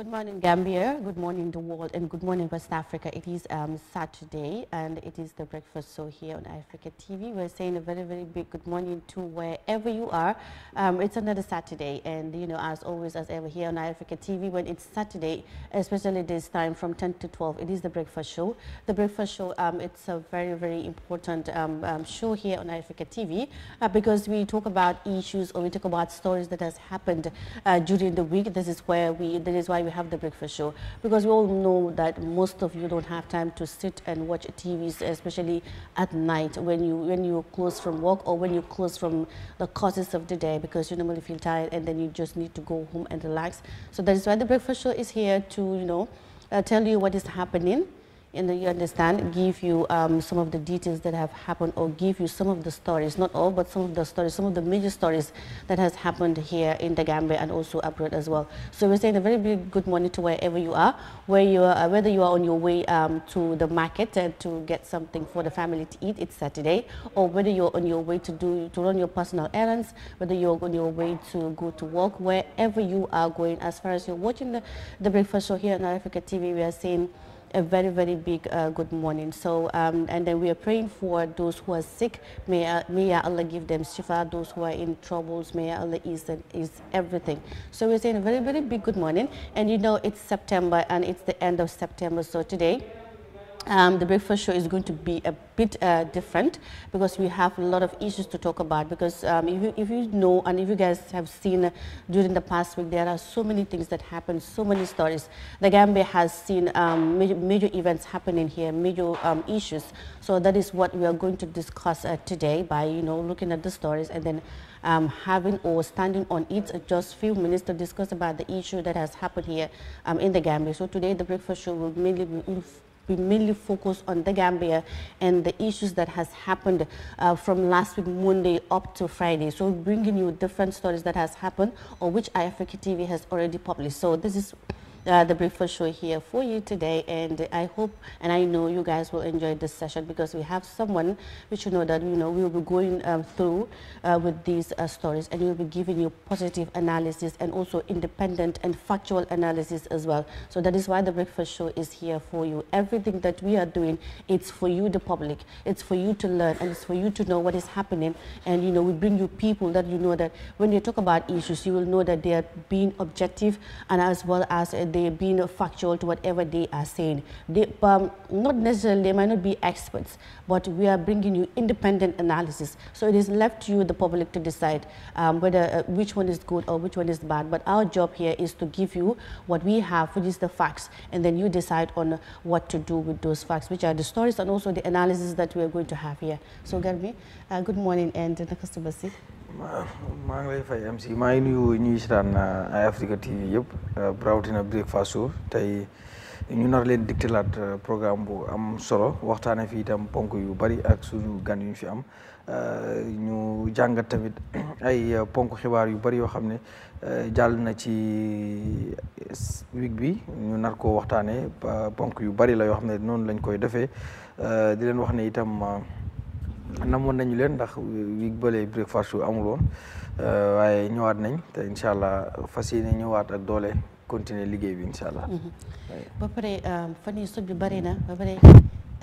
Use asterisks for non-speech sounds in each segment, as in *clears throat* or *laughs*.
Good morning, Gambia. Good morning, the world, and good morning, West Africa. It is um, Saturday, and it is the breakfast show here on Africa TV. We're saying a very, very big good morning to wherever you are. Um, it's another Saturday, and you know, as always, as ever here on Africa TV, when it's Saturday, especially this time from 10 to 12, it is the breakfast show. The breakfast show, um, it's a very, very important um, um, show here on Africa TV uh, because we talk about issues or we talk about stories that has happened uh, during the week. This is where we, is why we we have the breakfast show because we all know that most of you don't have time to sit and watch TVs, especially at night when you when you close from work or when you close from the courses of the day because you normally feel tired and then you just need to go home and relax. So that is why the breakfast show is here to you know uh, tell you what is happening and you understand, give you um, some of the details that have happened or give you some of the stories, not all, but some of the stories, some of the major stories that has happened here in the Gambia and also abroad as well. So we're saying a very big good morning to wherever you are, where you are, whether you are on your way um, to the market and uh, to get something for the family to eat, it's Saturday, or whether you're on your way to do to run your personal errands, whether you're on your way to go to work, wherever you are going, as far as you're watching the, the breakfast show here on Africa TV, we are saying a very, very big uh, good morning. So, um, and then we are praying for those who are sick. May, uh, may Allah give them shifa. Those who are in troubles, may Allah ease, them. ease everything. So we're saying a very, very big good morning. And you know, it's September and it's the end of September. So today, um, the breakfast show is going to be a bit uh, different because we have a lot of issues to talk about because um, if, you, if you know and if you guys have seen during the past week there are so many things that happen so many stories the Gambia has seen um, major, major, events happening here major um, issues so that is what we are going to discuss uh, today by you know looking at the stories and then um, having or standing on it just few minutes to discuss about the issue that has happened here um, in the Gambia. So today the breakfast show will mainly be we mainly focus on the Gambia and the issues that has happened uh, from last week Monday up to Friday. So bringing you different stories that has happened or which IFK TV has already published. So this is uh, the breakfast show here for you today and I hope and I know you guys will enjoy this session because we have someone which you know that you know we will be going um, through uh, with these uh, stories and we'll be giving you positive analysis and also independent and factual analysis as well so that is why the breakfast show is here for you everything that we are doing it's for you the public it's for you to learn and it's for you to know what is happening and you know we bring you people that you know that when you talk about issues you will know that they are being objective and as well as uh, they being factual to whatever they are saying. They, um, not necessarily, they might not be experts, but we are bringing you independent analysis. So it is left to you, the public, to decide um, whether uh, which one is good or which one is bad. But our job here is to give you what we have, which is the facts, and then you decide on what to do with those facts, which are the stories and also the analysis that we are going to have here. So Garbi, uh, good morning and Nakasubasi. Uh, maa ngi lay fay am si maa ngi nuyu ñuy sitaan ay euh, Africa TV yëpp euh, rawatina breakfast show tey ñu nar leen diktilaat euh, programme bu am solo waxtaane fi itam ponk yu bari ak suñu gan yuñ ñu fi am ñu jàngat tamit *clears throat* ay ponk xibaar yu bari yoo xam ne jàll na ci week bi ñu nar ko waxtaane ponk yu bari la yoo xam ne noonu lañ koy defee di leen wax ne itam namoon nañu leen dax wii bële breakfast yu amul euh, waaye ñëwaat nañ te incha allah fas yéene ñëwaat ak doole continuer liggéey bi incha allah. Mm-hmm. ba pare euh, fan yu sot bi bari na ba pare.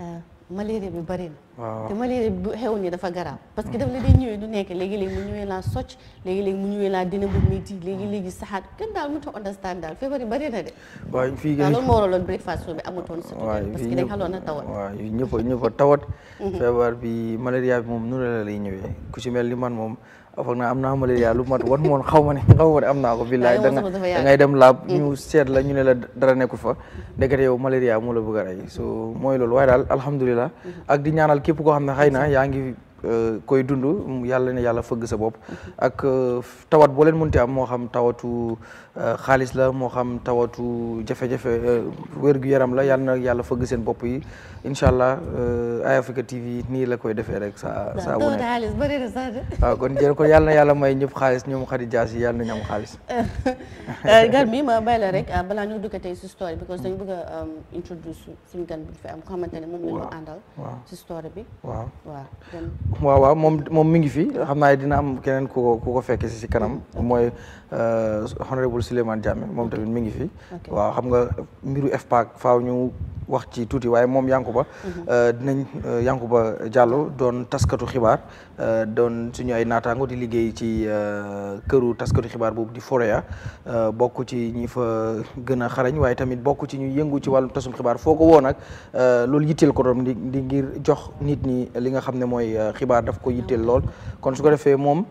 Euh, malaria bi bëri na te malaria bi xew ni dafa garaaw parce que daf la dee ñëwee du nekk léegi-léegi mu ñëwee laa socc léegi-léegi mu ñëwee laa dina bu métti léegi-léegi saxaat kenn daal mu ta understand daal feebar yi bëri na de waaw fii loolu moo waraloon breakfast bi amutoon surtout parce que dañ xaloon a tawat waaw ñëpp ñëpp tawat mhm. feebar bi malaria bi moom nu la lay ñëwee ku ci mel ni man moom foog naa am naa malaria lu mat wan moon xaw ma ne xaw ma ne am naa ko billaay da ngay dem laab mm. ñu seet la ñu ne la dara nekkul fa ndekete yow malaria moo la bëgg a so mooy loolu waaye daal alhamdulilah mm-hmm. ak di ñaanal képp ko xam ne xëy na yaa ngi Euh, koy dund yàlla na yàlla fëgg sa bopp ak euh, tawat boo leen mënti am moo xam tawatu euh, xaalis la moo xam tawatu jafe-jafe wér-gu-yaram la yàlla na yàlla fëgg seen bopp yi incha allah Eye Africa TV nii la koy defee rek sa saa wu nekk kon jërëjëf kon yàlla yàlla may ñëpp xaalis ñoom xadi jaas yi yàlla na ñu am *laughs* rek ah, balaa ñu dugg tey si story um, bi fi am ñu àndal. waaw si story bi. waaw waaw waaw moom moom mi ngi fi xam naa dina am keneen ku ko ku ko fekkee si kanam mooy Euh, honorable Souleymane Diame moom tamit mu ngi fi. waaw xam nga mbiru FPAC faw ñu wax ci tuuti waaye moom Yankuba. Mhm. Euh, dinañ euh, Yankuba Diallo doon taskatu xibaar doon suñu ay naataango di liggéey ci këru taskatu xibaar boobu di Foroyaa bokk ci ñi fa gën a xarañ waaye tamit bokk ci ñu yëngu ci wàllum tasum xibaar foo ko woo nag loolu yitteel ko doom di di ngir jox nit ñi li nga xam ne mooy xibaar daf ko yitteel lool kon su ko defee moom.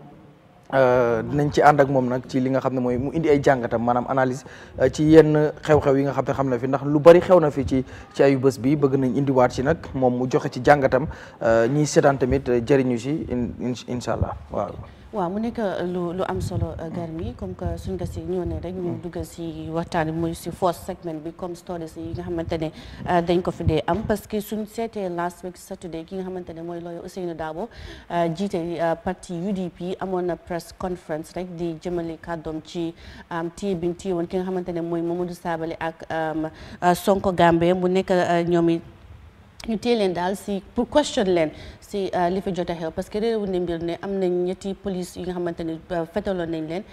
Euh, dinañ ci ànd ak moom nag ci li nga xam ne mooy mu indi ay jàngatam maanaam analyse euh, ci yenn xew-xew yi nga xam ne xam na fi ndax lu bari xew na fi ci ci ayu bés bi bëgg nañ indiwaat ci nag moom mu joxe ci jàngatam euh, ñiy seetaan tamit jëriñu si incha allah waaw. waaw mu nekk euh, lu lu am solo euh, Garmi comme que suñ nga si ñëw ne rek ñu mm. dugg si waxtaan mooy si force segment bi comme stories yi nga xamante ne euh, dañ ko fi dee am parce que suñ seetee last week Saturday ki nga xamante ne mooy lawyer Ousseynou daabo jiite parti UDP amoon na press conference rek di jëmale kàddoom ci téye biñ téye woon ki nga xamante ne mooy Mamadou Sabally ak Sonko Gambe mu nekk ñoom it ñu téye leen daal si pour question leen si euh, li fi jot a xew parce que réewu ne mbir ne am nañ ñetti police yi nga xamante ni euh, fetaloon nañ leen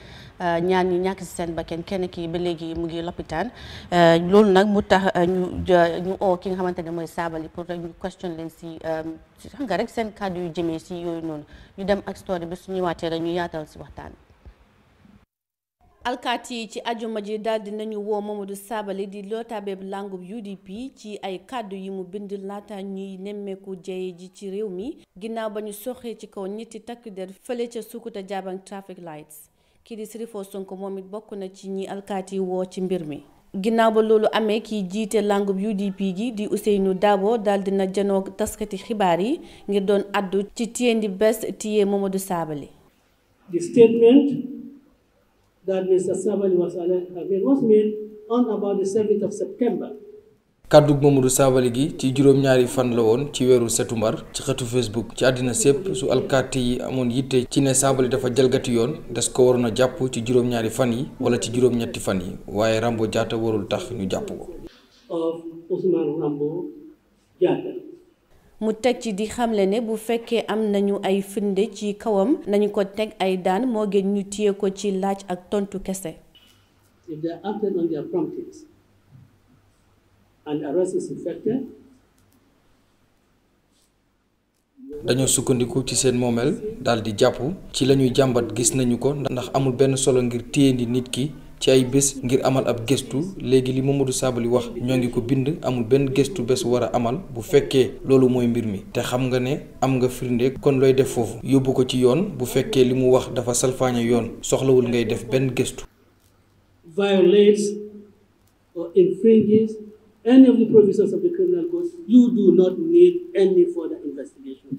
euh, ñaan ñi ñàkk si seen bakken kenn ki ba léegi mu ngi lopitaan loolu nag mu tax ñu ñu oo ki nga xamante ne mooy saabali pour rek ñu question leen si xam nga rek seen kàddu yu jëmee si yooyu noonu ñu dem ak story bi su ñëwaatee rek ñu yaatal si waxtaan alkaati yi ci ajuma ji daldi nañu woo Mamadou Sabali di lootabeeb langub UDP ci ay kàddu yi mu bind laata ñuy nemmeeku jey ji ci réew mi ginnaaw ba ñu soxee ci kaw ñetti takk der fële ca Sukuta Jabang traffic lights kii di Sirifo Sonko moom it bokk na ci ñi alkaati woo ci mbir mi ginnaaw ba loolu amee kiy jiite langub UDP gi di Ousseynou Dabo daal dina janoo taskati xibaar yi ngir doon addu ci téyendi bés téye Mamadou Sabali the statement kàddu means the ceremony gi ci juróom-ñaari fan la woon ci weeru setumbar ci xëtu Facebook ci àddina sépp su alkaati yi amoon yitte ci ne saabali dafa jalgati yoon des ko waroon a jàpp ci juróom-ñaari fan yi wala ci juróom-ñetti fan yi waaye Rambo Jatta warul tax ñu jàpp ko. mu teg ci di xamle ne bu fekkee am nañu ay finde ci kawam nañu ko teg ay daan moo gën ñu tiye ko ci laaj ak tontu kese. dañoo sukkandiku ci seen moomeel daal di jàpp ci lañuy jàmbat gis nañu ko ndax amul benn solo ngir téye nit ki. ci ay bés ngir amal ab gëstu léegi li Mamadou Sabali wax ñoo ngi ko bind amul benn gëstu bés war a amal bu fekkee loolu mooy mbir mi te xam nga ne am nga firnde kon looy def foofu yóbbu ko ci yoon bu fekkee li mu wax dafa salfaañe yoon soxlawul ngay def benn gëstu. violates or infringes any of the provisions of the criminal code you do not need any further investigation.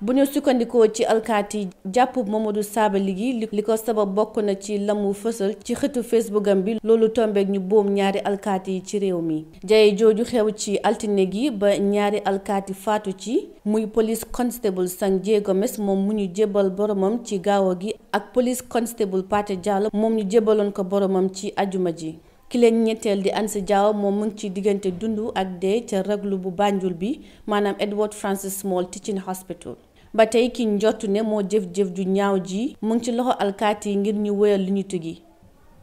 bu ñu sukkandikoo ci alkaati jàpp Mamadou Sabali gi li ko sabab bokk na ci lamu fësal ci xëtu Facebook bi loolu tombeek ñu boom ñaari alkaati ci réew mi jaye jooju xew ci altine gi ba ñaari alkaati faatu ci muy police constable San Diego Gomes moom mu ñu jébbal boromam ci gaaw gi ak police constable pate Diallo moom ñu jébbaloon ko boromam ci ajuma ji ki leen ñetteel di Ansa Diaw moom mu ngi ci diggante dund ak dee ca raglu bu Banjul bi maanaam Edward Francis Small Teaching Hospital ba tey ki njott ne moo jëf-jëf ju ñaaw ji mu ci loxo alkaati yi ngir ñu wéyal li ñu tugi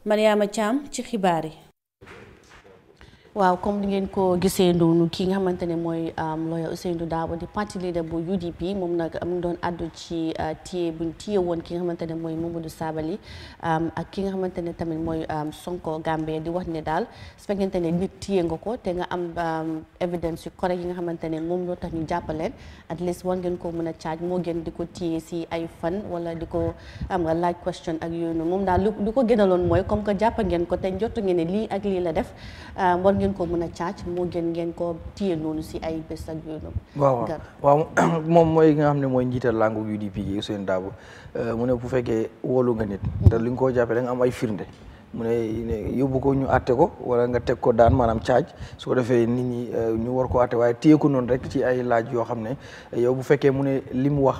Mariama caam ci xibaar yi waaw comme ni ngeen ko gisee nu ki nga xamante ne mooy lawyer Ousainou Darboe di parti leader bu UDP moom nag mu ngi doon àddu ci ah, téye buñ téye woon ki nga xamante ne mooy Mamadou Sabally ak ki nga xamante ne tamit mooy Sonko Gambe di wax ne daal su fekkente ne nit téye nga ko te nga am evidence yu correct yi nga xamante ne moom loo tax ñu jàppaleen at least war ngeen ko mën a charge moo gën di ko téye si ay fan wala di ko am nga laaj question ak yooyu moom daal lu ko loon mooy comme que jàpp ngeen ko te njottu ngeen ne lii ak lii la def ngeen ko mën a caac moo gën ngeen ko téye noonu si ay bés ak yooyu noonu. waaw *clears throat* moom mooy nga xam ne mooy njiital langu UDP gi Ousainou Darboe euh, mu ne bu fekkee wóolu nga nit. te li nga koo jàppee da nga am ay firnde. mu ne yóbbu ko ñu àtte ko wala nga teg ko daan maanaam caaj su ko defee nit ñi euh, ñu war ko àtte waaye téye ko noonu rek ci ay laaj yoo xam ne yow bu fekkee mu ne li mu wax.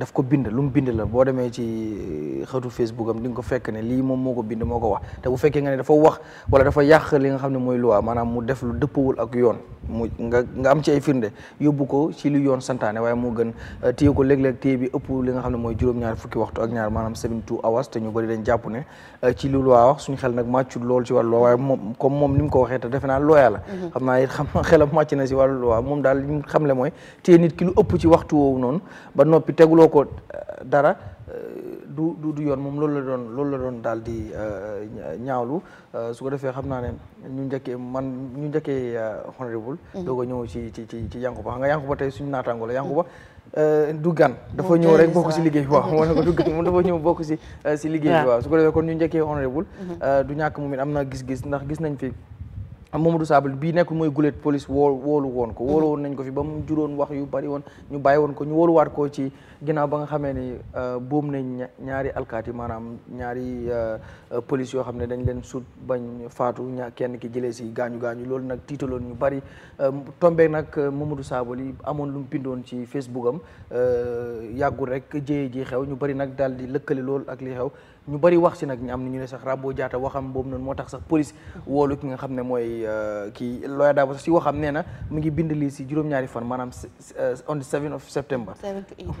daf ko bind lu mu bind la boo demee ci euh, xëtu Facebook am di nga ko fekk ne lii moom moo ko bind moo ko wax te bu fekkee nga ne dafa wax wala dafa yàq li nga xam ne mooy loi maanaam mu yoon mu nga nga am moo gën euh, téye ko bi li nga xam ne mooy juróom-ñaar fukki waxtu ak ñaar maanaam 72 hours te ñu bëri dañ jàpp ne euh, ci lu loi moom ni mu ko waxee te defe naa la mm-hmm. xam naa it xam xelam màcc na si nit ki lu ëpp ci waxtu woowu noonu ba noppi tegul defaloo ko euh, dara euh, du du du yoon moom loolu la doon loolu la doon daal di euh, ñaawlu su ko defee xam naa ne ñu njëkkee man ñu njëkkee honorable mm-hmm. doo ko ñëw ci ci ci ci Yankuba xam nga Yankuba tey suñu naataango la Yankuba du gan dafa ñëw rek bokk si liggéey bi waaw wane ko du gan si liggéey bi *laughs* waaw su ko defee kon ñu njëkkee honorable mm-hmm. du ñàkk moom it am na gis-gis ndax gis nañ fi Mamadou Sabali bi nekkul mooy gulet police woolu woon ko woolu woon nañ ko fi ba mu juróon wax yu bari woon ñu bàyyi woon ko ñu wooluwaat ko ci ginnaaw ba nga xamee ni euh, boom nañ ñaari alkaati maanaam ñaari euh, euh, police yoo xam ne dañ leen sut bañ faatu ña kenn ki jëlee si gaañu gaañu loolu nag tiitaloon ñu bari tombeek nag Mamadou Sabali amoon lu mu bindoon ci Facebook am yàggul rek jéye ji xew ñu bari nag daal di lëkkale loolu ak li xew ñu bari wax si nag ñu am ni ñu ne sax Rabo jaata waxam boobu noonu moo tax sax police woolu ki nga xam ne mooy euh, kii lawyer Dabo sax si waxam nee na mu ngi bind lii si juróom-ñaari fan maanaam euh, on the seven of September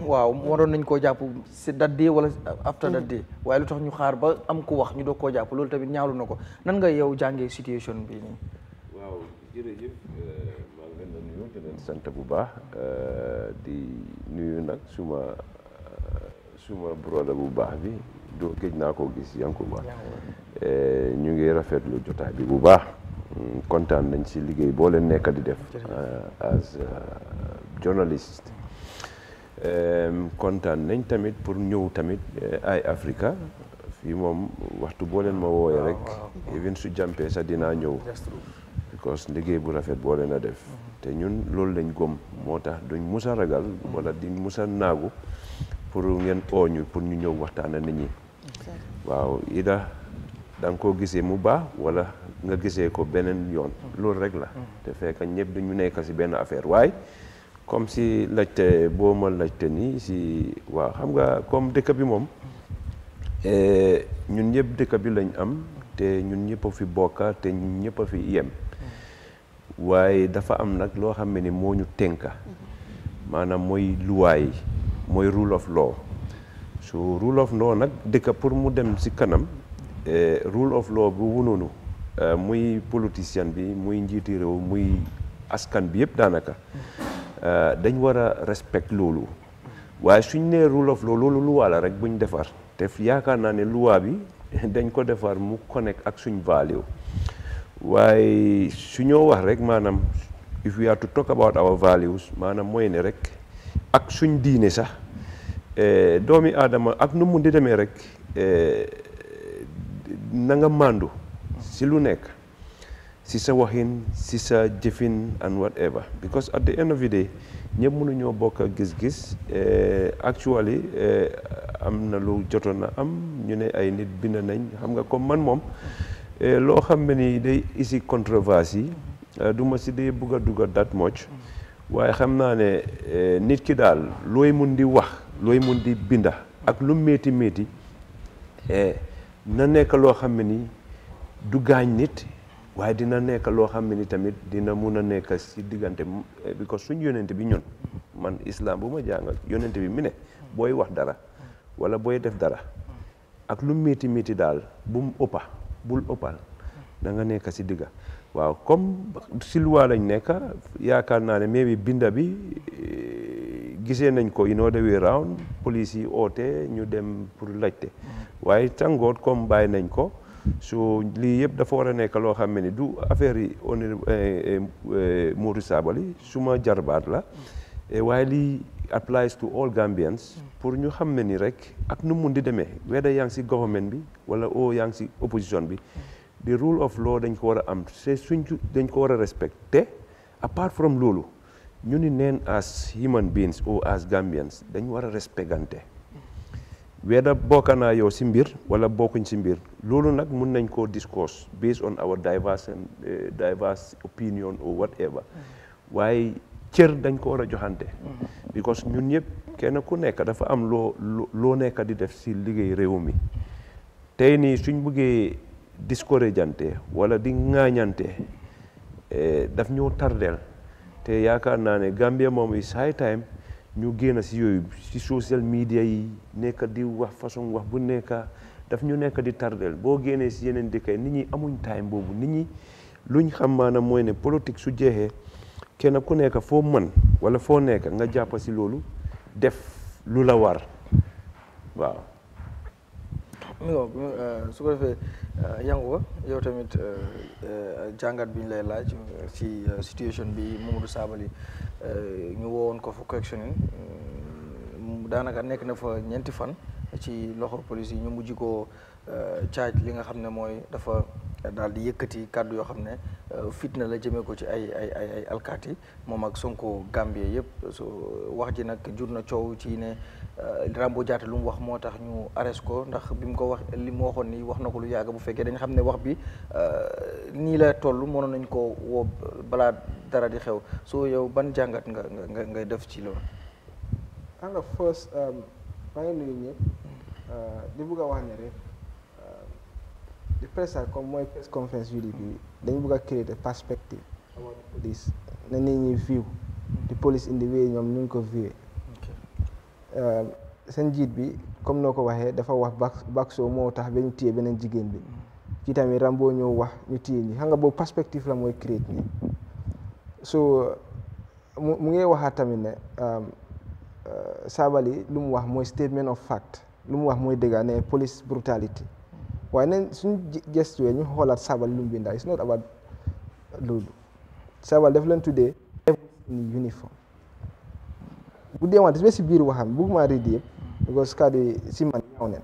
waaw waroon nañ koo jàpp si that day wala after that day waaye lu tax ñu xaar ba am ku wax ñu doog koo jàpp loolu tamit ñaawlu na ko nan nga yow jàngee situation bi nii waaw jërëjëf euh, maa ngi leen sant bu baax di nuyu nag suma suma bu baax bi doo géej naa ko gis Yankuba eh, ñu ngi rafetlu jotaa bi bu baax mm, kontaan nañ si liggéey boo leen nekk di def euh, as euh, journalist kontaan nañ tamit pour ñëw tamit euh, ay Africa fii moom waxtu boo leen ma wooye ah, rek even su jàmpee sax dinaa ñëw because liggéey bu rafet boo leen a def mm-hmm. te ñun loolu lañ gom moo tax duñ mus a ragal wala duñ musa naagu pour ngeen ooñu pour ñu ñëw waxtaan nit ñi waaw Ida da nga koo gisee mu baax walla nga gisee ko beneen yoon mm. loolu rek la mm. te fekk ñëpp dañu nekk si benn affaire waaye comme si laajte boo ma laajte ni si waaw xam nga comme dëkk bi moom eh, ñu ñëpp dëkk bi lañ am te ñun ñëpp fi bokka te ñun ñëpp a fi yem mm. waaye dafa am nag loo xam ne ni moo ñu tënka mm-hmm. maanaam mooy luwaay yi mooy rule of law su rule of law nag dëkk pour mu dem si kanam eh, rule of law bu wunoonu eh, muy politicien bi muy njiiti réew muy askan bi yëpp daanaka eh, dañ war a respect loolu waaye suñ ne rule of law loolu luwaa la rek buñ defar te yaakaar naa ne luwaa bi *laughs* dañ ko defar mu connect ak suñ value waaye suñoo wax rek maanaam if we are talk about our values maanaam mooy ne rek ak suñ diine sax eh, doomi aadama ak nu mu di demee rek eh, na nga màndu si lu nekk si sa waxin si sa jëfin and whatever because at the end of the day ñëpp mënuñoo bokk gis-gis eh, actually am na lu jotoon na am ñu ne ay nit bind nañ xam nga comme man moom loo xam ne ni day isi controverse yi du ma si dee bugg a dugg that much waaye xam naa ne e, nit ki daal looy mun di wax looy mun di binda ak lu métti métti e, na nekk loo xam ne ni du gaañ nit waaye dina nekk loo xam ne ni tamit dina mun a nekk si diggante e, because suñ yonent bi ñun man islaam bu ma jàngal yonent bi mu ne booy wax dara wala booy def dara ak lu métti métti daal bu mu bul ëppal da nekk si digga waaw comme si luwaa lañ nekk yaakaar naa ne mais bi binda bi eh, gisee nañ ko you know the way round police yi oote ñu dem pour laajte waaye tàngoor comme bàyyi nañ ko so lii yëpp dafa war a nekk loo xam ne du affaire yi honorable eh, Momodou eh, Sabally suma jarbaat la waaye lii applies to all Gambians pour ñu xam ne ni rek ak nu mun di demee whether yaa ngi si government bi wala o yaa ngi si opposition bi di rule of law dañ ko war a am c'est suñ dañ ko war a respecté apart from loolu ñu ni neen as human beings or as Gambians dañ war a respectante whether bokk naa si mbir wala bokkuñ si mbir loolu nag mun nañ koo discourse based on our diverse and eh, diverse opinion or whatever waaye cër dañ ko war a joxante because ñun ñëpp kenn ku nekk dafa am loo loo nekk di def si liggéey réew mi tey nii suñ buggee discouragante wala di ŋaañante eh, daf ñoo tardeel te yaakaar naa ne Gambia moom is high time ñu génn si yooyu si social media yi nekk di wax façon wax bu nekka daf ñu nekk di tardeel boo génnee si yeneen dëkk yi nit ñi amuñ time boobu nit ñi luñ xam maanaam mooy ne politique su jeexee kenn ku nekk foo mën wala foo nekk nga jàpp si loolu def lu la war waaw Euh, su ko defee euh, yangu yow tamit euh, jàngat bi ñu lay laaj ci situation bi Momodou Sabally ñu woowoon ko fa questioning mm, daanaka nekk na fa ñeenti fan ci loxo police yi ñu mujj koo caaj li nga xam ne mooy dafa daal di yëkkati kàddu yoo xam ne euh, fitna la jëmee ko ci ay ay ay ay alkaati moom ak Sonko Gambie yëpp so wax ji nag jur na coow ci ne euh, Rambo Jaata lu mu wax moo tax ñu arrest ko ndax bi mu ko wax li mu waxoon ni wax na ko lu yàgg bu fekkee dañ xam ne wax bi euh, nii la toll mënoon nañ ko woo balaa dara di xew soo yow ban jàngat nga nga nga def ci lool alors first bugg a wax di presse comme mooy presse conférence vidéo bi dañu bëgg a créer des perspectives na nit ñi view di police indi wéy ñoom ñu ngi ko viewé euh, seen njiit bi comme noo ko waxee dafa wax ba Bakso moo tax ba ñu téye beneen jigéen bi ci tamit boo ñëw wax ñu téye ñi xam nga boobu perspective la mooy créer nii so mu mu ngi waxaat tamit ne um, euh, Sabally lu mu wax mooy statement of fact lu mu wax mooy dëgg ne police brutality waaye nag suñ gestuwee ñu xoolaat saabal lu mu bindaa it's not about loolu saabal daf leen tuddee in uniform bu deewaante si ba si biir waxam bëgguma read yëpp because kàddu yi si man ñaaw neen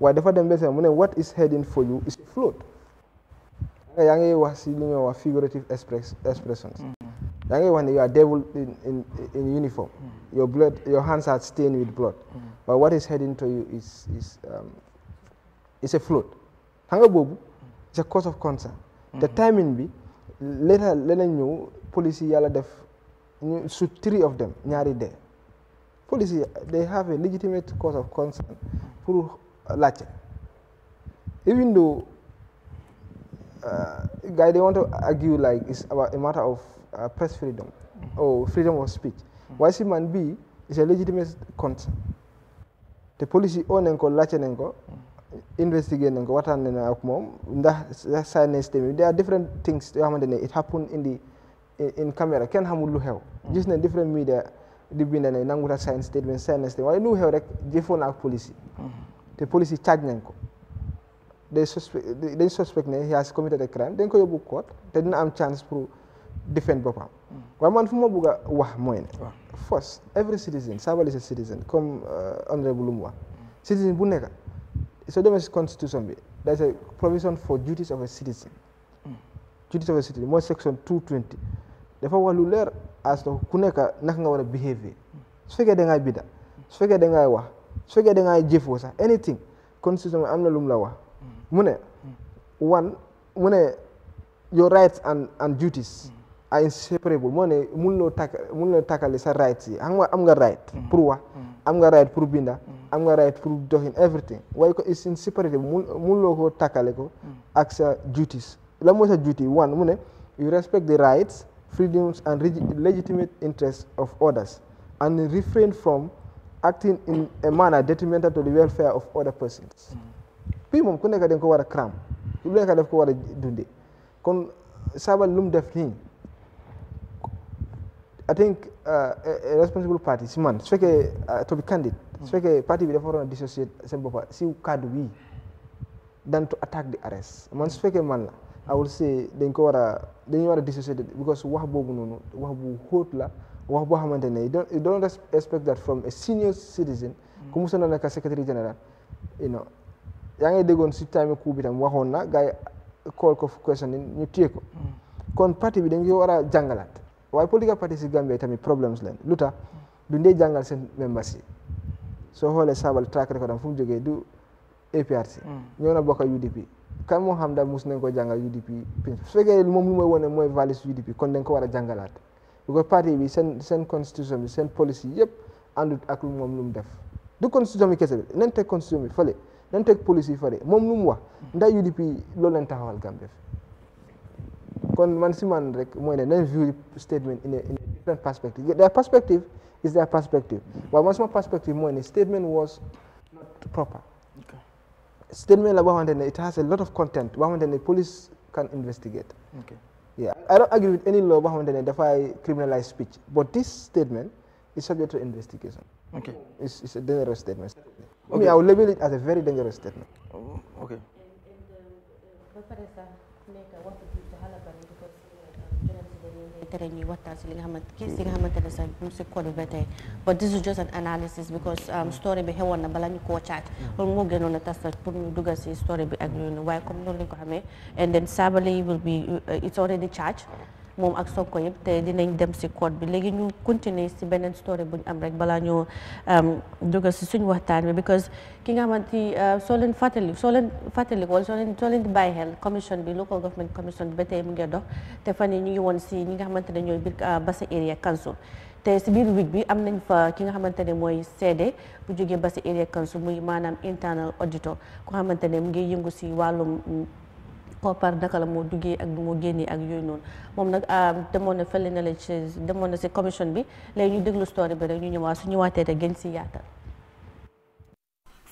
waaye dafa dem bese mu ne what is heading for you is a yaa ngi wax si lu ñoo wax figurative expressions yaa ngi wax ne you are devil in, in, in uniform your hands are stained with blood but what is heading to you is um, it's a float Hanga bobu. it's a cause of concern The mm-hmm. timing be later Later ñëw policy yala def So three of them nyari there. Policy they have a legitimate cause of concern pour uh, laajte even though uh, guy they want to argue like it's about a matter of uh, press freedom or freedom of speech mm-hmm. What's si man B is a legitimate concern The policy on oo nañ ko investigate nañ ko waxtaan nañ ak moom ndax science system yi there are different things yoo xamante ne it happen in the in camera kenn xamul lu xew gis nañ different media di bind ne nanguta science statement science statement waaye lu xew rek jëfoo na ak police yi te police yi charge nañ ko day suspect dañ suspect ne he has committed a crime dañ ko yóbbu court te dina am chance pour defend boppam waaye man fu ma bëgg a wax mooy ne first every citizen Sabally is a citizen comme euh, honorable lu bu nekk soo demee si constitution bi there is a provision for duties of a citizen mm. duties of a citizen mooy section 220 dafa wax lu leer as to ku nekk naka nga war a behave su fekkee da ngaa bida su fekkee da ngaa wax su fekkee da ngaa jëfoo sax anything constitution bi am na lu mu la wax mm. mu ne mm. one mu ne your rights and and duties are inseparable moo ne mun loo takk mun loo takkale sa rights yi xam am nga right pour wax am nga right pour binda mm. am nga right pour doxin everything waaye ko it's inseparable mun munuloo ko takkale ko mm. ak sa duties la mooy sa duty one mu ne you respect the rights freedoms and legitimate interests of others and refrain from acting in a manner detrimental to the welfare of other persons mm. bii moom ku nekk dañ ko war a cram ku nekk def ko war a dunde kon saba lu mu def nii I think uh, a responsible party si man su fekkee uh, to be candid fekkee parti bi dafa waroon a dissociate seen boppa si kàddu bii dan to attack the arrest man su fekkee man la I will say dañ ko war a dañu war a dissociate because wax boobu noonu wax bu xóot la wax boo xamante ne you don't expect that from a senior citizen ku mu soon a nekk secrétaire général you yaa ngay déggoon si time bi tam waxoon na gars yi call ko question ñu téye ko mm. kon parti bi dañ ko war a jàngalaat waaye political parties si Gambia tamit problems leen lu tax du ndee jàngal seen members yi soo xoolee saabal track record am fu mu jógee du APRC mm. ñoo na bokk ak UDP kan moo xam daal mus nañ ko jàngal UDP su fekkee moom lu mooy mooy values UDP kon dañ ko war a jàngalaat because seen seen constitution seen policy yëpp àndut ak lu moom lu mu def du constitution bi kese bi nañ teg constitution bi nan nañ teg policy yi fële moom lu mu wax mm. ndax UDP loolu lañ taxawal Gambia fi kon man si man rek mooy ne nañ view statement in a in a different perspective their perspective is their perspective waaye man suma perspective mooy ne statement was not proper Okay. statement la boo xamante ne it has a lot of content boo xamante ne police can investigate Okay. yeah I don't agree with any law boo xamante ne dafay criminalize speech but this statement is subject to investigation okay it's, it's a dangerous statement okay. I will label it as a very dangerous statement oh, okay uh, tere ñuy waxtaan si li nga xamante kii si nga xamante ne sax mu si code ba tey but this is just an analysis because um, story bi xewoon na bala ñu koo caaj loolu moo gënoon a tas nag pour ñu dugal si story bi ak yooyu waaye comme noonu lañ ko xamee and then Sabally will be uh, it's already charged moom ak Sonko yëpp te dinañ dem si code bi léegi ñu continuer si beneen story bu ñu am rek balaa ñoo euh, dugal si suñu waxtaan bi because ki nga xamante ni euh, soo leen fàttali soo leen fàttali wala leen soo leen di bàyyi xel commission bi local government commission bi ba tey mu ngee dox te fan yi ñu ngi woon si ñi nga xamante ne ñooy biir euh, Basse Area Council te si biir week bi am nañ fa ki nga xamante ne mooy seede bu jógee ba si area council muy maanaam internal auditor ku xamante ne mu ngi yëngu si wàllum koppar naka la moo duggee ak moo génnee ak yooyu noonu moom nag ah, demoon na fële na la ci demoon na si commission bi léegi ñu déglu story bi rek ñu ñëwaat su ñëwaatee rek gën si yaatal.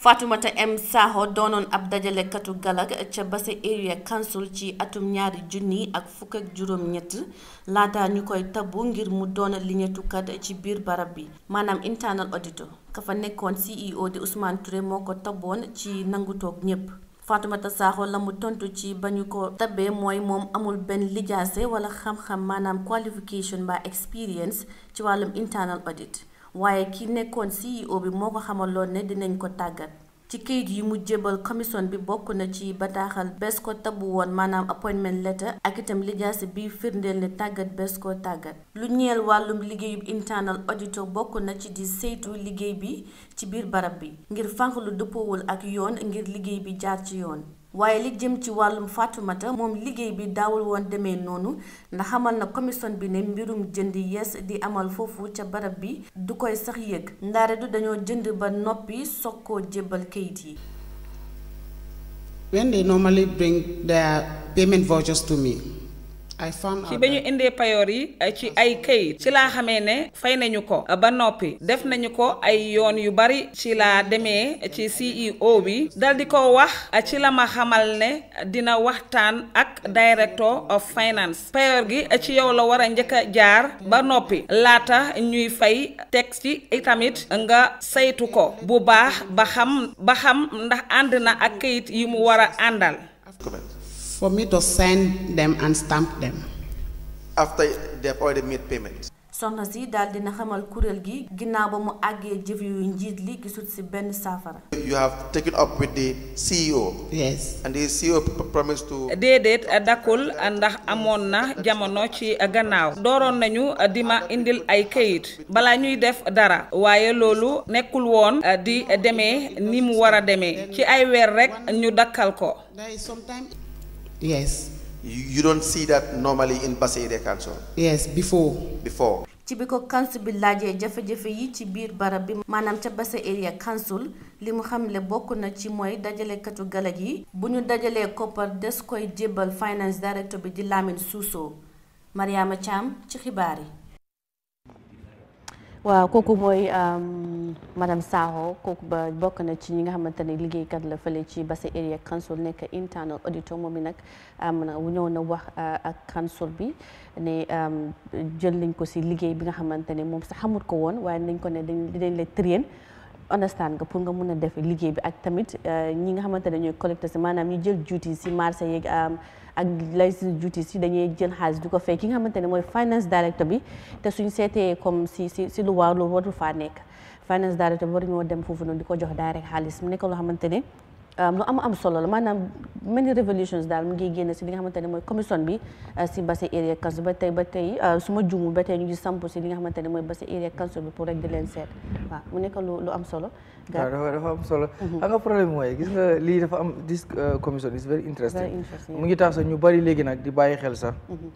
Fatoumata M Sakho doonoon ab dajalekatu galag ca Basse Area Council ci atum ñaari junni ak fukk ak juróom-ñett laata ñu koy tabbu ngir mu doona liñetukat ci biir barab bi maanaam internal auditor ka fa nekkoon CEO di Ousmane Touré moo ko taboon ci nangu toog ñëpp. Fatoumata Sakho la mu tontu ci ba ñu ko tabee mooy moom amul benn lijaase wala xam-xam maanaam qualification ba experience ci wàllum internal audit waaye ki nekkoon CEO bi moo ko xamaloon ne dinañ ko tàggat. ci kayit yi mu jébal commission bi bokk na ci bataaxal bés ko tabu woon maanaam appointment letter ak itam lijaasi bi firndeel ne tàggat bés ko tàggat lu ñeel wàllum liggéeyub internal auditor bokk na ci di saytu liggéey bi ci biir barab bi ngir fànq lu dëppoowul ak yoon ngir liggéey bi jaar ci yoon waaye li jëm ci wàllum faatumata moom liggéey bi daawul woon demee noonu ndaxamal na komison bi ne mbirum jënd yees di amal foofu ca barab bi du koy sax yëg ndaare du dañoo jënd ba noppi soog koo jébbal kayit yi. When they ay ci ba ñu indee payoor yi ci ay kayit ci la xamee ne fay nañu ko ba noppi def nañu ko ay yoon yu bari ci laa demee ci CEO bi dal di ko wax ci la ma xamal ne dina waxtaan ak director of finance payoor gi ci yow la war a njëkk a jaar ba noppi laata ñuy fay teg ci itamit nga saytu ko bu baax ba xam ba xam ndax ànd na ak kayit yi mu war a àndal for me to send them and stamp them. after they've already si daal dina xamal kuréel gi ginnaaw ba mu àggee jëf yu njiit li benn saafara. you have taken up with the CEO. E déedéet dakkul ndax amoon na jamono ci gannaaw. dooroon nañu di ma indil ay kayit bala ñuy def dara waaye loolu nekkul woon di demee ni mu war a demee ci ay weer rekk ñu dakkal ko. Yes. You, you don't see that normally in Basse Council? Yes, before. Before. Chibiko council bi laajee jafe-jafe yi ci biir barab bi maanaam ca Basse Area Council li mu xamle bokk na ci dajale dajalekatu galaj yi bu ñu dajalee des koy finance director bi di Lamine Suso Mariama Cham ci waaw kooku mooy madame Sakho kooku ba bokk na ci ñi nga xamante ne liggéeykat la fële ci Basse Area Council nekk internal auditor moom mi nag am na ñëw na wax ak council bi ne jël nañ ko si liggéey bi nga xamante ne moom sax xamut ko woon waaye nañ ko ne dañ dañ la train understand nga pour nga mun a defee liggéey bi ak tamit e, ñi nga xamante ne ñooy collecteur si maanaam ñi jël duty si marché yeeg ak licence justice si dañuy jël xaalis di ko fay ki nga ne mooy finance director bi te suñ seetee comme si si si lu waar loolu warul faa nekk finance director bi waruñoo dem foofu noonu di ko jox direct xaalis mu nekk loo xamante ne Euh, lu am am solo la maanaam many revolutions daal mu ngi génne si li nga xamante mooy commission bi euh, si Basse Area Council ba tey ba euh, su ma juumul ba ñu ngi samp si li nga xamante mooy Basse Area Council bi pour rek di leen seet waaw mu nekk lu lu am solo. waaw dafa am solo. Mhm. xam nga problème mooy nga lii dafa am this commission is very interesting. mu ngi tax sax ñu bari léegi na di bàyyi xel sax. Mhm.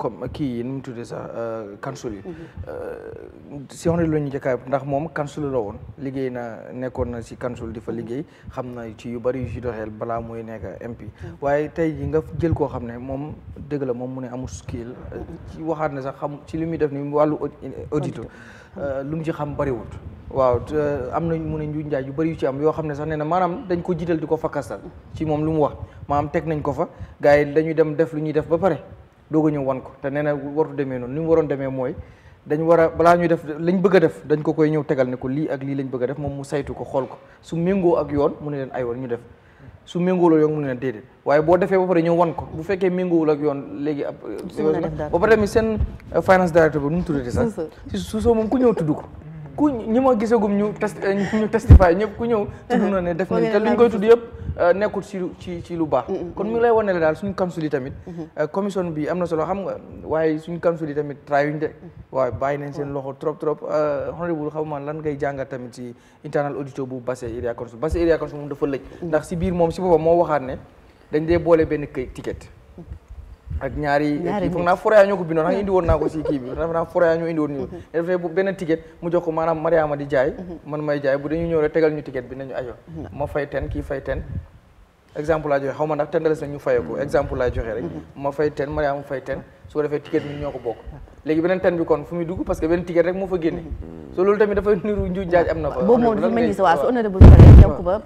comme kii yi nu mu tuddee sax council yi. Mhm. si on est le ñu jëkkaay ndax moom council la woon liggéey na nekkoon na si council di liggéey xam na yu bari yu ci doxeel balaa mooy nekk MP mm-hmm. waaye tey ji nga jël koo xam ne moom dëgg la moom mu ne amul skill mm-hmm. ci waxaat ne sax xam ci li muy def ni wàllu audit mm-hmm. euh, lu mu ci xam bariwut waaw euh, am na mu ne njuñ njaay yu bari yu ci am yoo xam ne sax nee na maanaam dañ ko jiital di ko fakkastal ci moom lu mu wax maanaam teg nañ ko fa gars yi dañuy dem def lu ñuy def ba pare doog a ñëw wan ko te nee na wartu demee noonu ni mu waroon demee mooy dañ war a balaa ñuy def lañ bëgg a def dañ ko koy ñëw tegal ne ko lii ak lii lañ bëgg a def moom mu saytu ko xool ko su méngoo ak yoon mu ne leen ay war ñu def su méngooloo yoon mu ne leen déedéet waaye boo defee ba pare ñëw wan ko bu fekkee méngoowul ak yoon léegi ab ba pare tamit seen euh, finance directeur bi nu mu tuddati sax si moom ku ñëw tudd ko ku ñi ma gisagum ñu test eh, ñu testify ñëpp ku ñëw. *laughs* tudd na ne def nañ te luñ koy tudd yëpp eh, nekkul si ci ci lu baax. kon mi lay wan ne la daal suñu council yi tamit. Mm-hmm. Eh, commission bi am na solo xam nga waaye suñu council yi tamit traayuñ de. Mm-hmm. waaw bàyyi nañ seen loxo trop trop honorable xaw ma lan ngay jàngat tamit ci internal auditor bu Basse Area Council Basse Area Council moom dafa lëj. Mm-hmm. ndax si biir moom si boppam moo waxaat ne dañ dee boole benn këy ticket. ak ñaari kii foog naa Foroyaa ñoo ko bindoon xam naa ko si kii bi dafa naa Foroyaa ñoo indi woon ñu *laughs* dafay benn ticket mu jox ko maanaam Mariama di jaay mhm. man may jaay bu dañu ñëw rek tegal ñu ticket bi nañu ayo ma fay ten kii fay ten exemple laa joxe xaw ma ndax tendales na ñu fayee ko mhm. exemple laa joxe rek mhm. ma fay ten Mariama fay ten soo defee ticket bi ñoo ko bokk léegi beneen tan bi kon fu muy dugg parce que benn ticket rek moo fa génne so loolu tamit dafay niru nju njaaj am na fa boobu moom dafa mel ni sa waa su honorable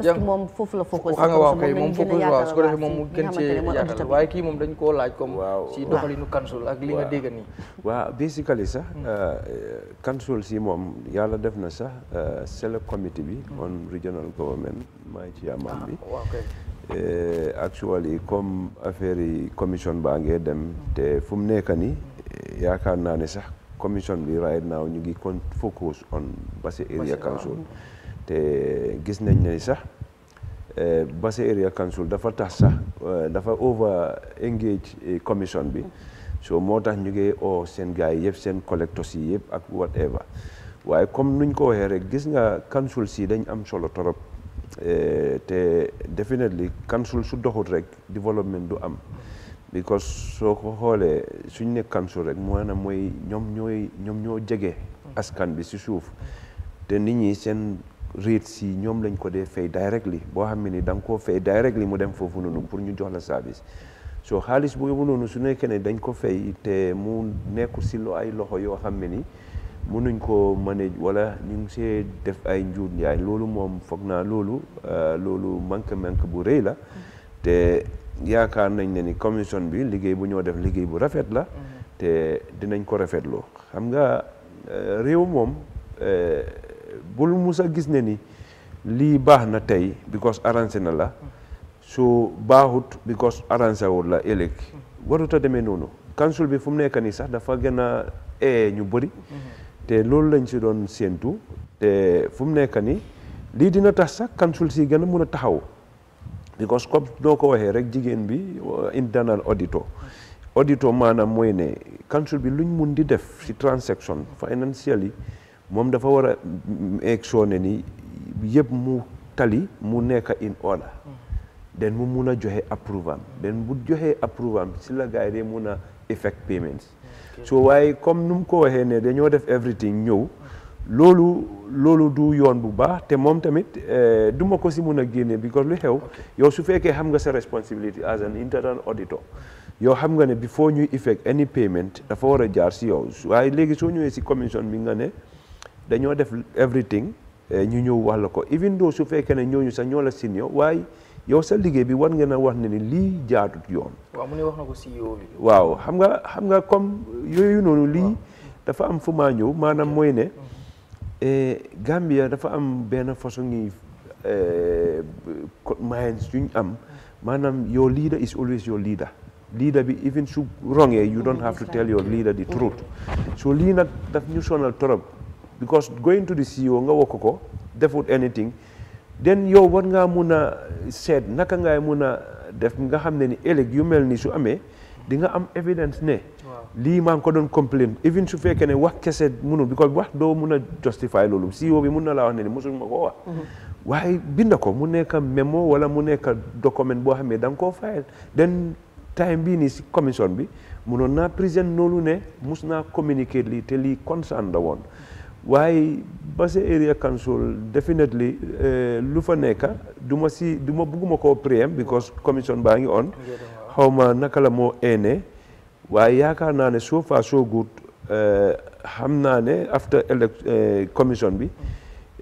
ko moom foofu la focus xam nga waaw moom focus waaw su ko defee moom mu gën cee yaatal waaye kii moom dañ koo laaj comme si doxalinu council ak li nga dégg nii waaw basically sax council hmm. euh, si moom yàlla def na sax euh, select committee bi hmm. on regional government maay ci amaan bi ah, euh, actually comme affaire yi commission baa ngee dem hmm. te fu mu nekk nii yaakaar naa ni sax commission bi right now ñu ngi kon focus on Basse Area Council te gis nañ ne sax eh, Basse Area Council dafa tax sax eh, dafa over engage eh, commission bi so moo tax ñu ngi oo seen gars yi yëpp seen collectors yi yëpp ak whatever waaye comme nuñ ko waxee rek gis nga council sii dañ am solo torop te definitely council su doxut rek développement du am because soo ko xoolee suñ nekk council rek moo maanaam mooy ñoom ñooy ñoom ñoo jege askan bi si suuf te nit ñi seen rate si ñoom lañ ko dee fay directly boo xam ne ni danga koo fay directly mu dem foofu noonu pour ñu jox la service xaalis boobu noonu su nekkee ne dañ ko fay te mu nekkul si lu ay loxo yoo xam ne ni mënuñ ko manage wala ñu ngi see def ay njuut njaay loolu moom foog naa loolu euh, loolu manque manque bu rëy la te yaakaar nañ ne ni commission bi liggéey bu ñoo def liggéey bu rafet la mhm. te dinañ ko rafetloo xam nga euh, réew moom euh, bul mus a gis ne ni lii baax na tey because arrangé na la mhm. su baaxut because arrangé wul la ëllëg mhm. warut a demee noonu council bi fu mu nekk nii sax dafa gën a ee ñu bëri te loolu lañ si doon séentu te fu mu nekk nii lii dina tax sax council si gën a mun a taxaw because comme noo ko waxee rek jigéen bi euh, internal auditor auditor maanaam mooy ne council bi lu luñ mun di def si transaction financial yi moom dafa war a eeg soo ne ni yëpp mu tali mu nekk in order den mu mun a joxe approve am bu joxe approve si la gars yi dee mun a effect payments so waaye comme nu mu ko waxee ne dañoo def everything ñëw loolu loolu du yoon bu baax te moom tamit eh, du ma ko si mun a génne because lu xew yow su fekkee xam nga sa responsibility as an internal auditor yow xam nga ne before ñuy effect any payment dafa war a jaar si yow waaye léegi soo ñëwee si commission bi nga ne dañoo def everything eh, ñu ñëw wax la ko even though su fekkee ne ñooñu sax ñoo la senior waaye yow sa liggéey bi war nga a wax ne ni lii jaatut yoon. waaw mu ne wax na ko CEO bi. waaw xam nga xam nga comme yooyu noonu lii dafa am fu maa ñëw maanaam mooy ne. Mm. Eh, Gambia dafa am benn façon ni eh, minds yu ñu am maanaam your leader is always your leader leader bi even su wrongee you don't have to tell your leader di truth so lii nag daf ñu sonal torop because going to the CEO nga wokk ko defut anything then yow war ngaa mun a seet naka ngaay mun a def nga xam ne ni ëllëg yu mel ni su amee di nga am evidence ne. lii maa ngi ko doon complain even su fekkee ne wax kese munu because wax doo mun a justify loolu CEO bi mun na laa wax ne ni mosul ma ko wax. Mhm. waaye a ko mu nekk memo wala mu nekk document boo xam ne da koo fayal den time bii nii si commission bi munoon naa présent noonu ne mus naa communiquer te lii concern la woon. waaye Basse Area Council definitely eh, lu fa nekk du ma si du ma bugguma koo préem because commission baa ngi on xaw ma naka la moo eene waaye yaakaar naa ne so far so good eh, xam naa ne after elec eh, commission bi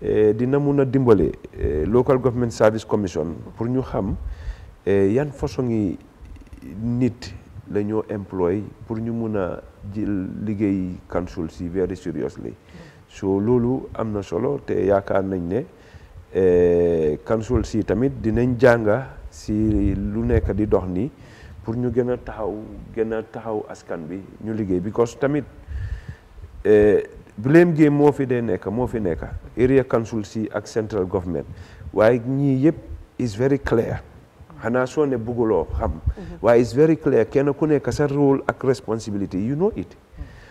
eh, dina mun a dimbale local government service commission pour ñu xam yan façon yi nit la ñoo employ pour ñu mun a jël liggéey council si very seriously so loolu am na solo te yaakaar nañ ne council si tamit dinañ jànga si lu nekk di dox nii pour ñu gën a taxaw gën a taxaw askan bi ñu liggéey because tamit blame eh, game moo fi dee nekk moo fi nekk area council si ak central government waaye ñii yëpp is very clear xanaa soo ne bugguloo xam waaye is very clear kenn ku nekk sa rôle ak responsibility you know it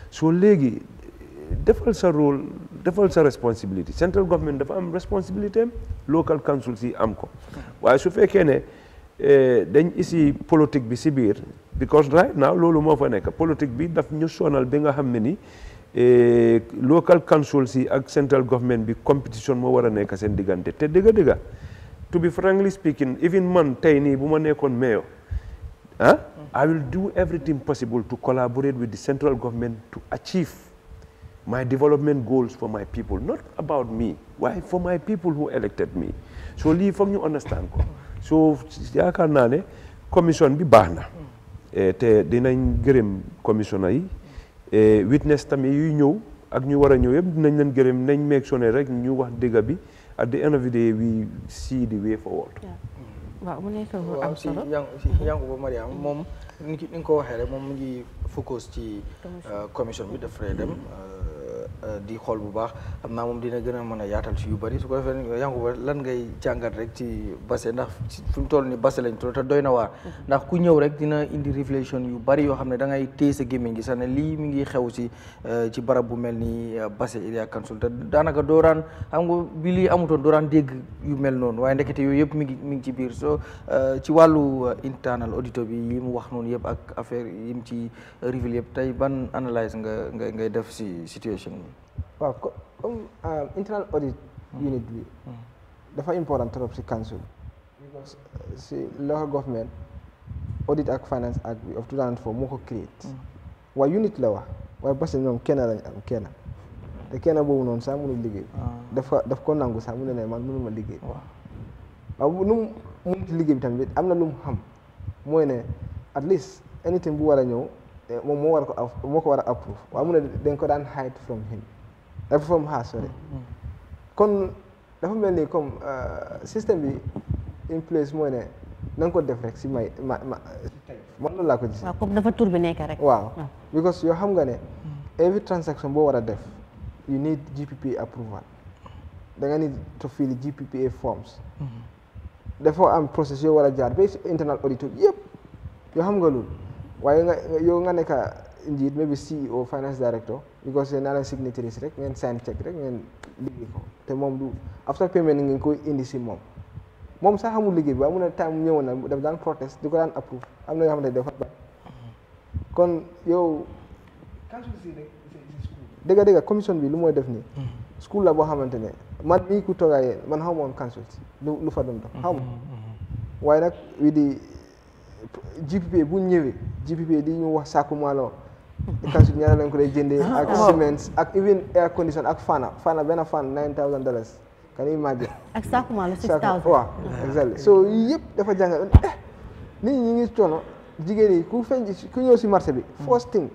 so léegi defal sa rôle defal sa responsibility central government dafa am responsibility am local council si am ko waaye su fekkee ne Eh, dañ isi politique bi si biir because right now loolu moo fa nekk politique bi daf ñu sonal bi nga xam ne ni eh, local council si ak central government bi competition moo war a nekk seen diggante te dëgga dëgga to be frankly speaking even man tey nii bu ma nekkoon mayor ah I will do everything possible to collaborate with the central government to achieve my development goals for my people not about me why for my people who elected me so lii foog ñu understand ko so yaakaar naa ne commission bi baax na mm. eh, te dinañ gërëm commissionnaire yi eh, witness tamit yuy ñëw ak ñu war a ñëw yëpp dinañ leen gërëm nañ meeg sonné rek ñu wax dëgg bi at the end of the day we see the way forward mm. waaw mu nekk si yangu mm-hmm. ba Mariam moom ni nga ko waxee rek moom mu ngi focus ci commission uh, bi daf fay dem uh, Euh, di xool bu baax xam naa moom dina gën a mën a yaatal si yu bëri su ko defee Yankuba lan ngay jàngat rek ci Basse ndax fi mu toll ni Basse lañ toll te doy na mhm. ndax ku ñëw rek dina indi réflexion yu bëri yoo xam ne da ngay téye sa gémmiñ gi sax ne lii mi ngi xew si euh, ci barab bu mel ni euh, Basse Area Council te daanaka doo daan xam nga bi lii amutoon doo yu mel noonu waaye ndekete yooyu yëpp mi ngi mi ngi ci biir so ci wàllu internal auditor bi yi mu wax noonu yëpp ak affaire yi mu ci reveal yëpp tey ban analyse nga nga ngay def si situation waaw comme euh, internal audit unit bi dafa important trop si council si euh, local government audit ak finance act bi of 2004 moo ko create waaye unit la wax waaye parce que ñoom kenn lañ am kenn te kenn boobu noonu sax mënul liggéey ah. dafa daf ko nangu sax mu ne ne man mënuma liggéey waaw nu mu mënut liggéey bi tamit am na lu mu xam moo ne at least anything bu war a ñëw eh, moom moo war ko moo ko war a approve waaw mu ne dañ ko daan hide from him reform has sorry kon dafa mel ni comme euh, système bi in place mooy ne na ko def rek si may ma ma man loolu laa ko gisee. waaw dafa tur bi nekk rek. waaw ah. because yoo xam nga ne. Mm. every transaction boo war a def you need GPPA approval da nga need to fill GPPA forms. Mm. dafa am process yoo war a jaar ba internal audit yëpp yoo xam nga loolu waaye yow nga nekk njiit maybe CEO finance director because naa leen signatories rek ngeen sign check rek ngeen liggéey ko te moom du after payment ngeen ko indi si moom moom sax xamul liggéey bi waaye mu ne time mu na daan protest di ko daan approve am na yoo xamante ne dafa kon yow dëgga dëgga commission bi lu mooy def nii school la boo xamante ne man mii ku toogaa yéen man xaw ma woon council lu fa doon dox xaw waaye nag wi di bu ñëwee GPP di ñu wax sàkku maalo Kasum ñaanal nañ ko day jëndee. Ah, ak Siemens ah. ak even air condition ak Fana Fana benn Fana nine thousand dollars. kan yu màggee. ak Sakku Malo six thousand so yëpp dafa jàngal eh, nit ñi ñu ngi coono jigéen yi ku feeñ ku ñëw si marché bi. first thing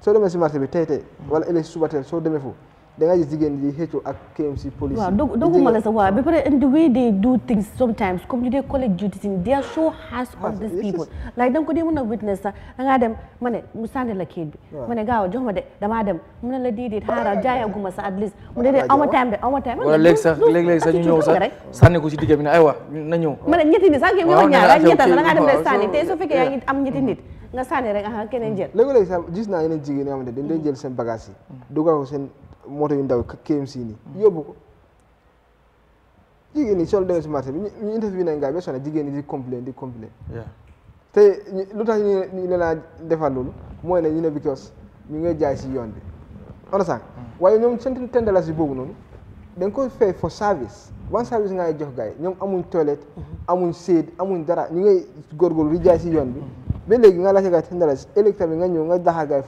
soo demee si marché bi tey tey wala ëllëg suba teel soo demee foofu. da nga gis jigéen di xëccoo ak KMC police. waaw dog doguma la the way they do things sometimes comme ñu dee collect duties in they are so harsh on people. like da ko dee mën a witness sax da ngaa dem ma ne mu sànni la kayit bi. ma ne gaaw jox ma de damaa dem mu ne la déedéet xaaral jaayaguma sax at least mu ne de time de aw time. wala léegi sax léeg-léeg sax ñu ñëw sax sànni ko si digg bi ne aywa na ñëw. ma ne ñetti nit sax kii ñëw ñaar ak ñetta sax da ngaa dem rek moto yu ndaw KMC nii yóbbu ko jigéen ñi soo demee si marché bi ñu interview nañ gaa ba sonn jigéen ñi di complain di complain te lu tax ñu ne laa defal loolu mooy ne ñu ne because ñu ngay jaay si yoon bi on sax mm. waaye ñoom seen ten dollars yi boobu noonu dañ ko fay for service one service ngay jox gars yi ñoom amuñ toilette mm-hmm. amuñ séed amuñ dara ñu ngay góorgóorlu di jaay si yoon bi ba léegi nga laajte gars yi ten dollars électable nga ñëw nga daxa gars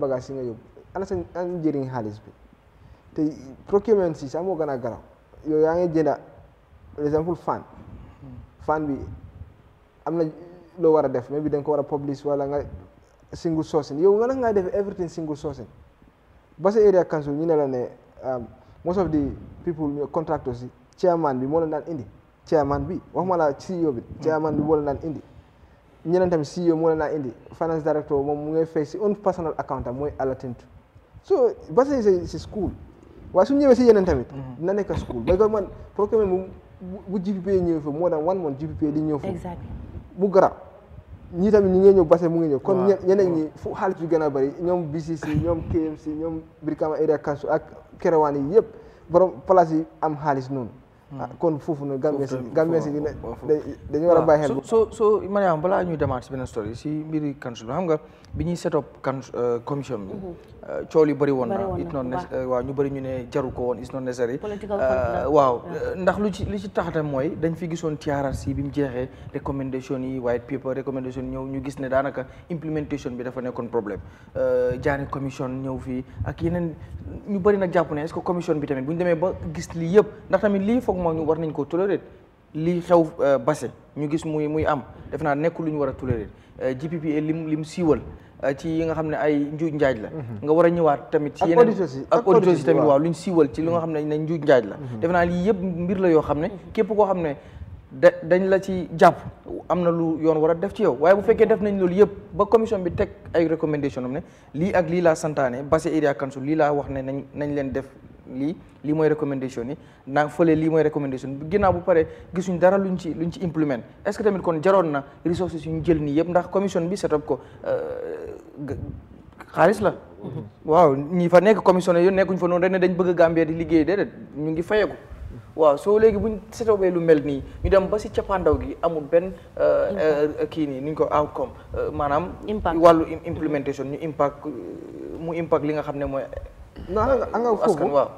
bagage yi nga yóbbu ana seen ana bi te procurement si sax moo gën a garaw yow yaa ngi jënda par exemple fan fan bi am na loo war a def mais bi danga ko war a publish wala nga single sourcing yow nga nag nga def everything single sourcing ba sa area council ñu ne la ne um, most of the people contractors yi chairman bi moo leen indi chairman bi waxuma la CEO bi chairman bi moo leen daan indi ñeneen tamit CEO moo leen indi finance director moom mu ngay fay si un personal account am mooy alatintu so ba sa si school waaye su ñëwee si yeneen tamit. dina mm-hmm. nekk school ba man programme mu bu GPP ñëwee fa moo daan one month GPP di ñëw fa. exactement mu garaaw ñii tamit ñi ngee ñëw Basse mu ngi ñëw. kon ñeneen ñi fu xaalis bi gën a bëri ñoom BCC ñoom KMC ñoom Brikama Area Council ak Kerewan yi yëpp borom place yi am xaalis noonu. Mm-hmm. Ah, kon foofu nag Gambia si Gambia si dañu war a bàyyi xel. soo soo maanaam balaa ñuy demaat si beneen story si mbiri council xam nga. bi ñuy set up kan euh, commission bi. Mhm. Euh, coow li woon na it noon waaw ñu bëri ñu ne jaru ko woon it's not necessary. Euh, waaw ndax lu ci lu ci tax tam mooy dañ fi gisoon TRRC bi mu jeexee recommendation yi white paper recommendation ñëw ñu gis ne daanaka implementation bi dafa nekkoon problème jaani commission ñëw fii ak yeneen ñu bëri nag jàpp ne est-ce que commission bi tamit bu ñu demee ba gis lii yëpp ndax tamit lii foog moo ñu war nañ koo tolérer li xew euh, Basse ñu gis muy muy am def naa nekkul lu a tolérer euh, GPPA lim lim siiwal euh, ci yi nga xam ay njuuj njaaj la mhm. nga war a ñëwaat tamit ci yeneen ak auditeurs yi tamit waaw lu ñu ci li nga mhm. xam ne ne njaaj la mhm. def mbir la képp da dañ la ci jàpp am na lu yoon war a def ci yow waaye bu fekkee def nañ loolu yëpp ba commission bi teg ay recommandation am ne lii ak lii laa santaane Basse Area Council lii laa wax ne nañ nañ leen def lii lii mooy recommandation yi naa fële lii mooy recommandation bi ginnaaw bu pare gisuñ dara luñ ci luñ ci implement est-ce que kon jaroon na ressources yu ñu jël nii yëpp ndax commission bi set up ko euh, xaalis la mm-hmm. waaw ñi fa nekk commission yu nekkuñ fa noonu rek ne dañ bëgg a Gambia di liggéey déedéet ñu ngi fayeeku waaw soo léegi bu ñu setobee lu mel nii ñu dem ba si cappaandaw gi amul benn euh, euh, kii nii ni ñu ko outcome euh, maanaam wàllu implementation ñu impact mu impact li nga xam ne mooy non anga anga foofu waaw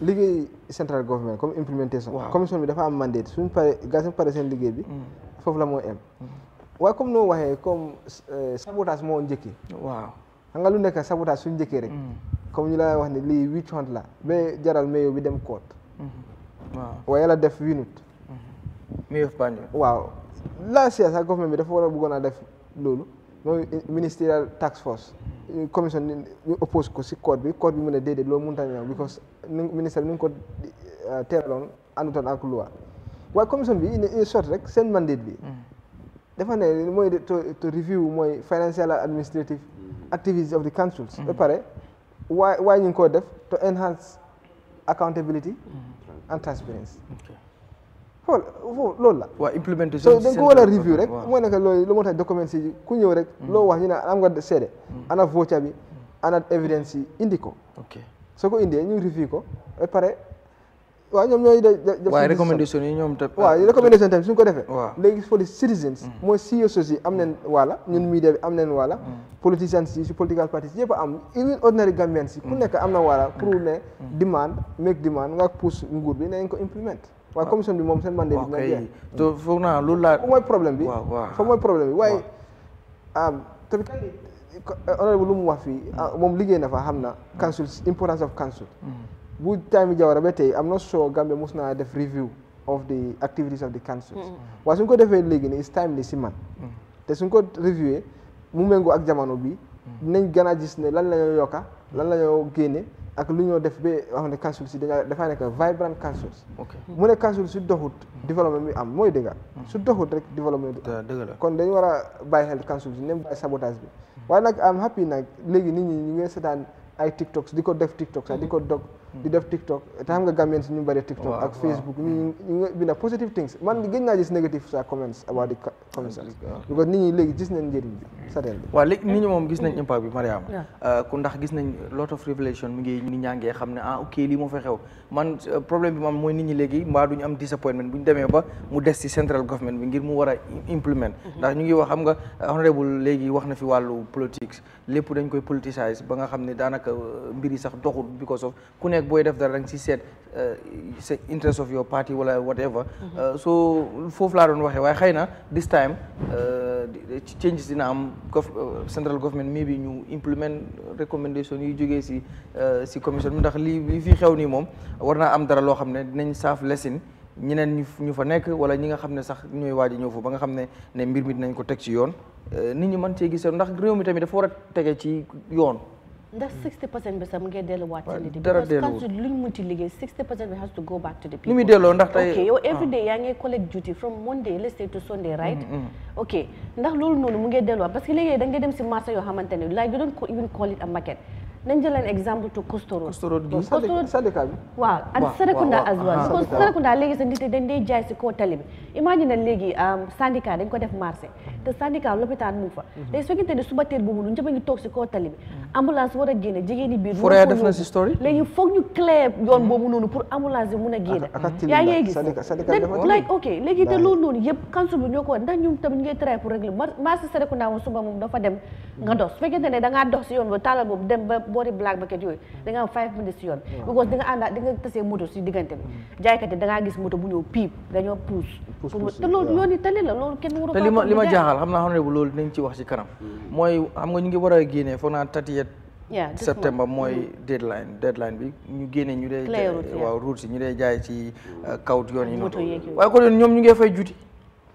liggéey central government comme implementation commission bi dafa am mandate suñ pare gaa suñ pare seen liggéey bi mm. foofu la moo em mm. waaye comme noo waxee comme sabotage moo njëkkee waaw xam nga lu nekk sabotage suñ njëkkee rek mm. comme ñu laa wax ne lii huit la ba jaral mayo bi dem court mm-hmm. waaye yàlla def unit mairie mm-hmm. Banjul waaw last year sax government bi dafa war a bëggoon a def loolu mooy ministerial task force mm-hmm. commission ñu oppose ko si code bi code bi mu ne déedéet loolu mënut a ñëw because ministre bi ni nga ko uh, teeraloon àndutoon ak loi waaye commission bi une sorte rek seen mandate bi mm-hmm. dafa ne mooy to review mooy financial administrative activities of the councils ba pare waaye ñu koo def to enhance accountability en transparence xool foofu la. waaw implémentation dañ ko a review rek. mooy nekk loolu lu moo tax document yi ku ñëw rek. Mm. loo wax ñu ne am nga seede. Mm. ana voca mm. ana evidence yi indi ko. so ko indee ñu review ko ba pare. waa ñoom ñooy def waaye recommandation yi ñoom tam waaw recommandation tamit suñ ko defee léegi for the citizens mm. mooy CSOs e yi am nañ walla ñun media mm. bi am nañ walla mm. politicians si political parties yëpp am even ordinary Gambians yi ku nekk am na walla pour ne demand make demand nga pousse nguur bi nañ ko implement waaye commission bi moom seen mandat bi dina jeex to foog naa loolu laa foofu mooy problème bi foofu mooy problème bi waaye tamit honorable lu mu wax fii ah, moom liggéey na fa xam na council importance of council bu time Jawara ba tey am na soo Gambia mos naa def review of the activities of the councils mm-hmm. waaye suñ ko defee léegi ni si man mm-hmm. te suñ ko reviewé mu méngoo ak jamono bi mm-hmm. nañ gën a gis ne lan la ñoo yokka lan la ñoo ak lu ñoo def ba xam ne council si dañaa dafaa nekk vibrant councils mu ne council si doxut développement bi am mooy dëgga su doxut rek développement bi kon dañ war a bàyyi xel council si bàyyi sabotage bi waaye nag am happy nag léegi nit ñi ñu ngi seetaan ay tiktoks di ko def tiktoks di ko dog di def TikTok te xam nga Gambien si ñu bëri TikTok ak Facebook ñu ñu binda positive things man gën naa gis négative sa comments uh, about the commercials because nit ñi léegi gis nañ njëriñ bi satel nit ñi moom gis nañ impact bi Mariama uh, ku ndax gis nañ nit ñaa ngee xam ne ah ok moo fa xew man uh, problème bi mooy nit ñi léegi mbaa duñu am disappointment bu ñu demee ba mu des ci central government bi ngir mu war a implement mm-hmm. ndax ñu ngi wax xam nga booy def dara da ci seet c'est euh, interest of your party wala whatever mm-hmm. euh, so foofu laa doon waxe waaye xëy na this time euh, changes dina am central government bi ñu implement recommendation yu jógee si si commission bi ndax lii lii fii xew nii moom war naa am dara loo xam ne dinañ saaf lesson ñeneen ñu fa nekk wala ñi nga xam ne sax ñooy waaj a ñëw fa ba nga xam ne ne mbir mi dinañ ko teg ci yoon nit ñi mën cee gisee ndax réew mi tamit dafa war a tege ci yoon ndax 60 percent bi sax mu ngi delluwaat ci nit yi. dara delloo ndax tey yow every ah. day yaa ngi collect duty from Monday let's say to Sunday mm, right. Mm, mm. ok ndax loolu noonu mu ngi delluwaat parce que léegi da dem si marché yoo xamante ne like you don't even call it a market. nañ jëlan exemple to Costa ah, sa nit yi dee jaay si kaw tali imagine na léegi um, syndicat def marché mm-hmm. te syndicat lopitaan mu ngi fa. Mm-hmm. léegi su fekkente ne suba teel boobu ñëpp a ngi war a génne jigéen ñi biir. forêt def na si story léegi foog ñu clé yoon boobu noonu pour ambulance bi mun a génne. yaa ngi gis like ok léegi te loolu noonu yëpp council bi ñoo ko war ndax ñun tamit ñu ngi try pour régler marché Serekunda moom suba moom dafa dem nga dox su fekkente ne da ngaa dox si yoon ba taalal boobu dem ba boori black bucket yooyu da nga am five minutes si yoon because di nga ànda di nga tasee moto si diggante bi mm. jaaykat yi da ngaa gis moto bu ñëw piip dañoo pousse te loolu yoon yi tali la loolu kenn waru te li ma li ma jaaxal xam naa xam ne loolu nañ ci wax ci kanam mm. mooy xam nga ñu ngi war a génnee foog naa tatiet septembre mooy mm-hmm. deadline deadline bi ñu génne ñu dee waaw route yi ñu dee jaay ci uh, kawt yoon yi noonu waaye ko ñom ñoom ñu ngee fay juti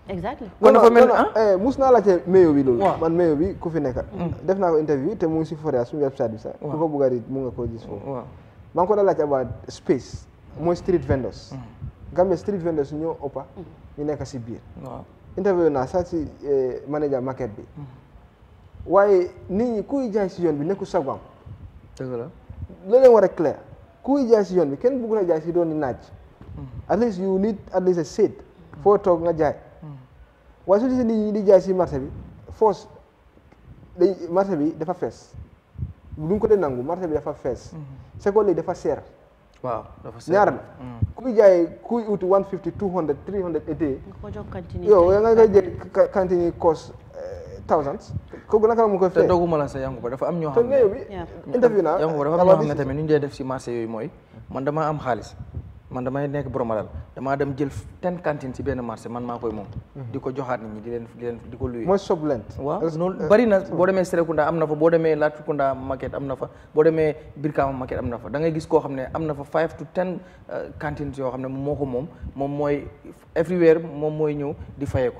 exactly kon dafa mel ah eh, naa laajte mayo bi loolu man mayo bi ku fi nekk mm. def naa ko interview te mu ngi si foria suñu website bi sax ku ko bugg mu nga ko gis fo maa ngi ko da ci about space mooy street vendors mm. gamé street vendors ñoo ëppa mm. ñu nekk si biir interview na sa si eh, manager market bi waaye nit ñi kuy jaay si yoon bi nekku sagwam. dëgg la loolu leen war a clair kuy jaay si yoon bi kenn bëgg na jaay si doon ni naaj. Hmm. at least you need at least foo toog nga jaay. Hmm. waaye su nit ñi di jaay si marché bi force day marché bi dafa fees duñ ko dee nangu marché bi dafa fees. Hmm. seconde dafa seer. waaw dafa seer ñaar la. kuy jaay kuy uti one fifty two hundred three hundred et. nga ko yow nga jël cantine cost thousands. kooku naka la mu koy fay te doguma la sa Yankuba dafa am ñoo xam ne interview dafa am ñoo xam ne tamit ni ñu dee def si marché yooyu mooy man damaa am xaalis man damay nekk borom alal damaa dem jël ten cantine si benn marché man maa koy moom. Mm-hmm. di ko joxaat nit ñi di leen di leen di ko luye. mooy Soblent. waaw noonu bari na boo demee Serekunda am na fa boo demee Latrikunda market am na fa boo demee Birkama market am na fa da gis koo xam ne am na fa five to ten euh, cantines yoo xam ne moo ko moom moom mooy everywhere moom mooy ñëw di fayeeku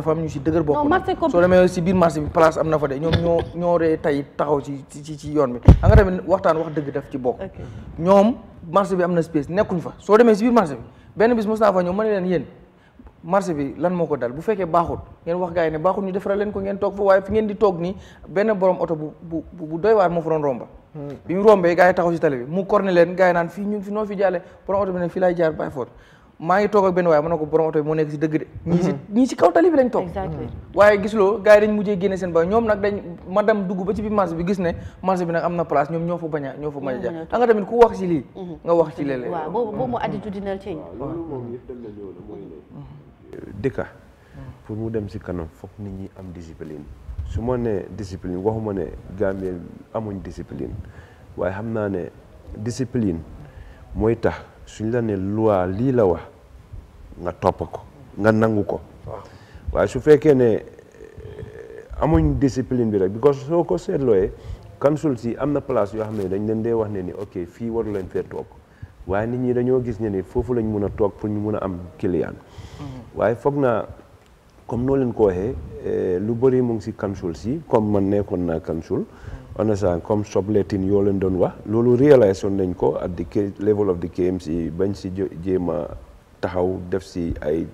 dafa am ñu si dëgër bopp na soo demee si biir marché bi place am na fa de ñoom ñoo ñoo ree tey taxaw ci ci yoon bi xam nga tamit waxtaan wax dëgg daf ci bokk ñoom marché bi am na space nekkuñ fa soo demee si biir marché bi benn bis mos naa fa ñoom ma ne leen yéen marché bi lan moo ko dal bu fekkee baaxul ngeen wax gars yi ne baaxul ñu defaral leen ko ngeen toog fa waaye fi ngeen di toog nii benn borom oto bu bu bu doy waar moo fa doon romba hmm. bi mu rombee maa ngi toog ak benn waaye ma ne ko borom oto bi moo nekk si dëgg de ñii si mhm. ñii si kaw tali bi lañ toog mhm. waaye gisuloo gars yi dañ mujjee génne seen ba ñoom nag dañ madame dugg ba ci biir marché bi gis ne marché bi nag am na place ñoom ñoo fa a ñoo fa a wax si lii mhm. nga wax ci léeg-léeg waaw boobu pour mu dem si kanam foog nit ñi am discipline su ma ne discipline waxuma ne Gambie amuñ discipline waaye xam naa ne discipline mooy tax suñ la ne loi lii la wax nga topp ko nga nangu ko waaye su fekkee ne eh, amuñ discipline bi rek because soo ko seetlooyee council si am na place yoo xam ne dañ leen dee wax ne ni ok fii waru leen fee toog waaye nit ñi dañoo gis ne ni foofu lañ mun a toog pour ñu mun a am client mm-hmm. waaye foog naa comme noo leen ko waxee eh, lu bari mu ngi si council si comme man nekkoon naa council mm-hmm. understand comme sobletin yoo leen doon wax loolu réalisé nañ ko at the level of the bañ si jéem a taxaw def si ay